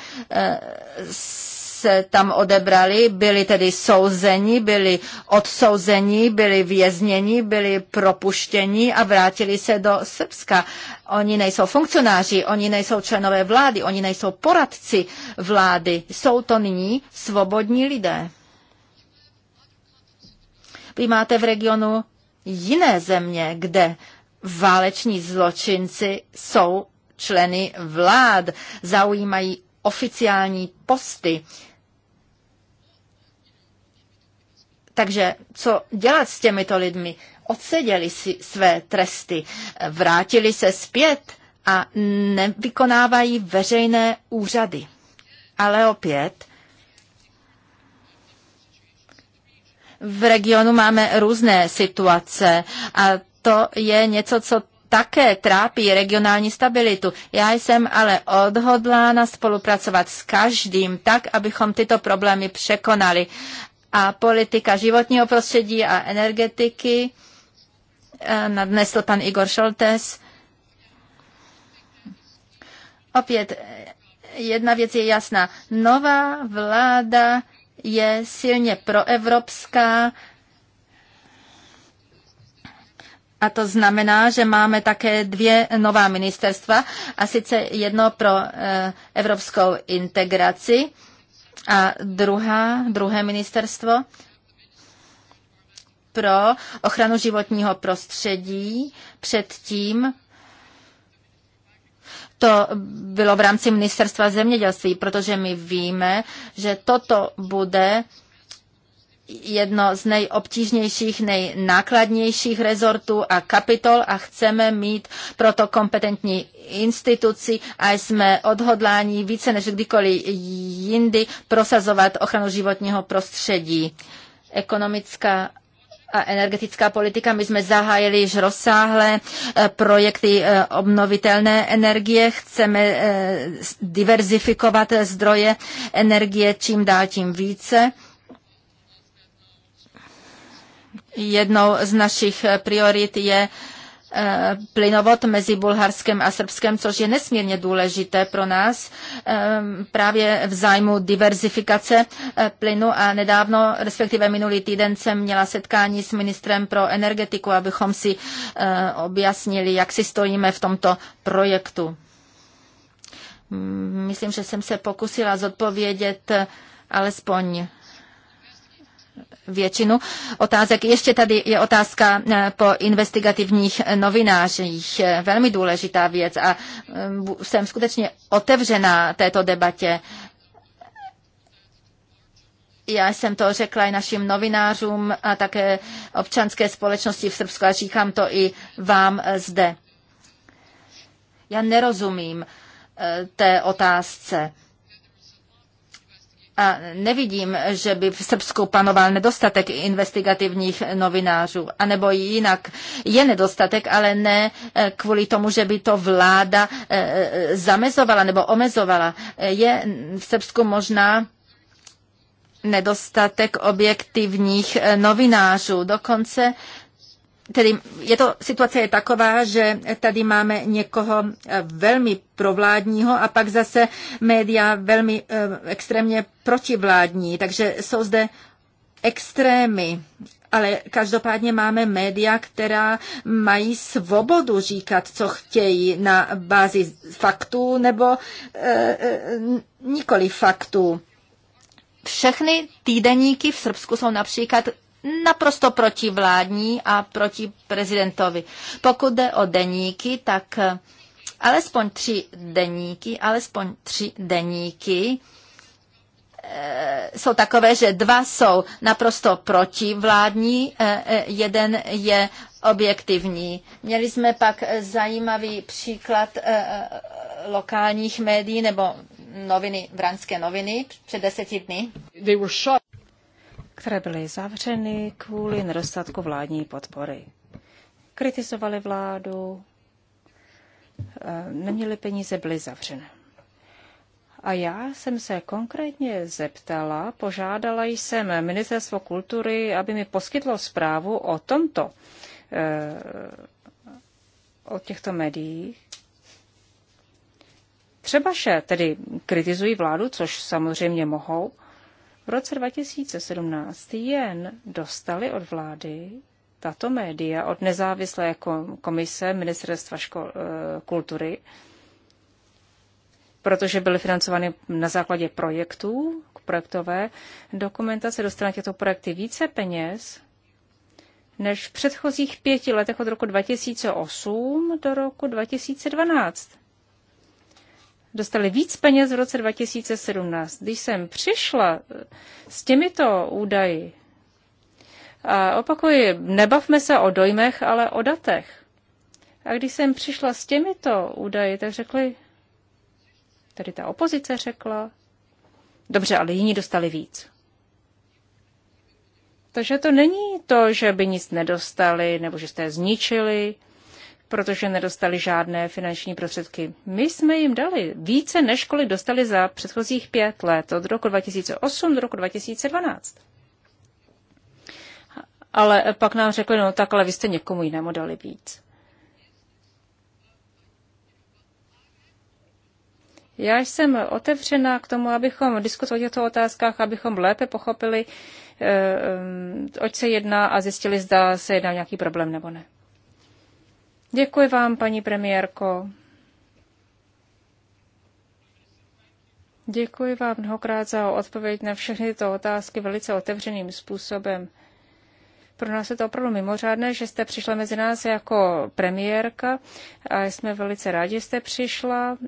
s se tam odebrali, byli tedy souzeni, byli odsouzeni, byli vězněni, byli propuštěni a vrátili se do Srbska. Oni nejsou funkcionáři, oni nejsou členové vlády, oni nejsou poradci vlády. Jsou to nyní svobodní lidé. Vy máte v regionu jiné země, kde váleční zločinci jsou členy vlád, zaujímají oficiální posty. Takže co dělat s těmito lidmi? Odseděli si své tresty, vrátili se zpět a nevykonávají veřejné úřady. Ale opět, v regionu máme různé situace a to je něco, co také trápí regionální stabilitu. Já jsem ale odhodlána spolupracovat s každým tak, abychom tyto problémy překonali a politika životního prostředí a energetiky. Eh, nadnesl pan Igor Šoltes. Opět, eh, jedna věc je jasná. Nová vláda je silně proevropská, a to znamená, že máme také dvě nová ministerstva, a sice jedno pro eh, evropskou integraci a druhá, druhé ministerstvo pro ochranu životního prostředí předtím to bylo v rámci ministerstva zemědělství, protože my víme, že toto bude jedno z nejobtížnějších, nejnákladnějších rezortů a kapitol a chceme mít proto kompetentní instituci a jsme odhodláni více než kdykoliv jindy prosazovat ochranu životního prostředí. Ekonomická a energetická politika. My jsme zahájili již rozsáhlé e, projekty e, obnovitelné energie. Chceme e, diverzifikovat zdroje energie čím dál tím více Jednou z našich priorit je eh, plynovod mezi Bulharskem a Srbskem, což je nesmírně důležité pro nás eh, právě v zájmu diverzifikace eh, plynu a nedávno, respektive minulý týden jsem měla setkání s ministrem pro energetiku, abychom si objasnili, jak si stojíme v tomto projektu. Myslím, že jsem se pokusila zodpovědět alespoň většinu otázek. Ještě tady je otázka eh, po investigativních novinářích. Eh, velmi důležitá věc a eh, jsem skutečně otevřená této debatě. Já jsem to řekla i našim novinářům a také občanské společnosti v Srbsku a říkám to i vám zde. Já nerozumím té otázce a nevidím, že by v Srbsku panoval nedostatek investigativních novinářů. A nebo jinak je nedostatek, ale ne eh, kvůli tomu, že by to vláda eh, eh, zamezovala nebo omezovala. Je v Srbsku možná nedostatek objektivních novinářů. Dokonce Tedy je to, situace je taková, že tady máme někoho eh, velmi provládního a pak zase média velmi eh, extrémně protivládní, takže jsou zde extrémy ale každopádně máme média, která mají svobodu říkat, co chtějí na bázi faktů nebo e, nikoli faktů. Všechny týdeníky v Srbsku jsou například naprosto protivládní a proti prezidentovi. Pokud jde o deníky, tak eh, alespoň tři deníky, alespoň tři deníky eh, jsou takové, že dva jsou naprosto protivládní, eh, jeden je objektivní. Měli jsme pak zajímavý příklad lokálních médií nebo noviny, vranské noviny před deseti dny které byly zavřeny kvůli nedostatku vládní podpory. Kritizovali vládu, eh, neměli peníze, byly zavřené. A já jsem se konkrétně zeptala, požádala jsem Ministerstvo kultury, aby mi poskytlo zprávu o tomto, eh, o těchto médiích. Třebaše tedy kritizují vládu, což samozřejmě mohou, v roce 2017 jen dostali od vlády tato média, od nezávislé komise Ministerstva škol, eh, kultury, protože byly financovány na základě projektů, projektové dokumentace, na těto projekty více peněz než v předchozích pěti letech od roku 2008 do roku 2012 dostali víc peněz v roce 2017. Když jsem přišla eh, s těmito údaji, a opakuji, nebavme se o dojmech, ale o datech. A když jsem přišla s těmito údaji, tak řekli, tady ta opozice řekla, dobře, ale jiní dostali víc. Takže to není to, že by nic nedostali, nebo že jste je zničili, protože nedostali žádné finanční prostředky. My jsme jim dali více, než kolik dostali za předchozích pět let, od roku 2008 do roku 2012. Ale pak nám řekli, no tak, ale vy jste někomu jinému dali víc. Já jsem otevřena k tomu, abychom diskutovali o těchto otázkách, abychom lépe pochopili, eh, eh, oč se jedná a zjistili, zda se jedná nějaký problém nebo ne. Děkuji vám, paní premiérko. Děkuji vám mnohokrát za odpověď na všechny tyto otázky velice otevřeným způsobem. Pro nás je to opravdu mimořádné, že jste přišla mezi nás jako premiérka a jsme velice rádi, že jste přišla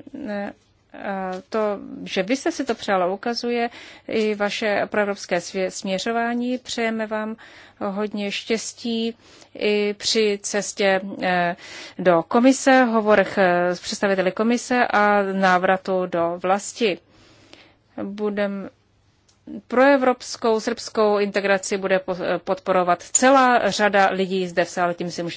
to, že vy jste si to přála, ukazuje i vaše proevropské směřování. Přejeme vám hodně štěstí i při cestě e, do komise, hovorech e, s představiteli komise a návratu do vlasti. Budem pro evropskou, srbskou integraci bude podporovat celá řada lidí zde v sále, tím si můžete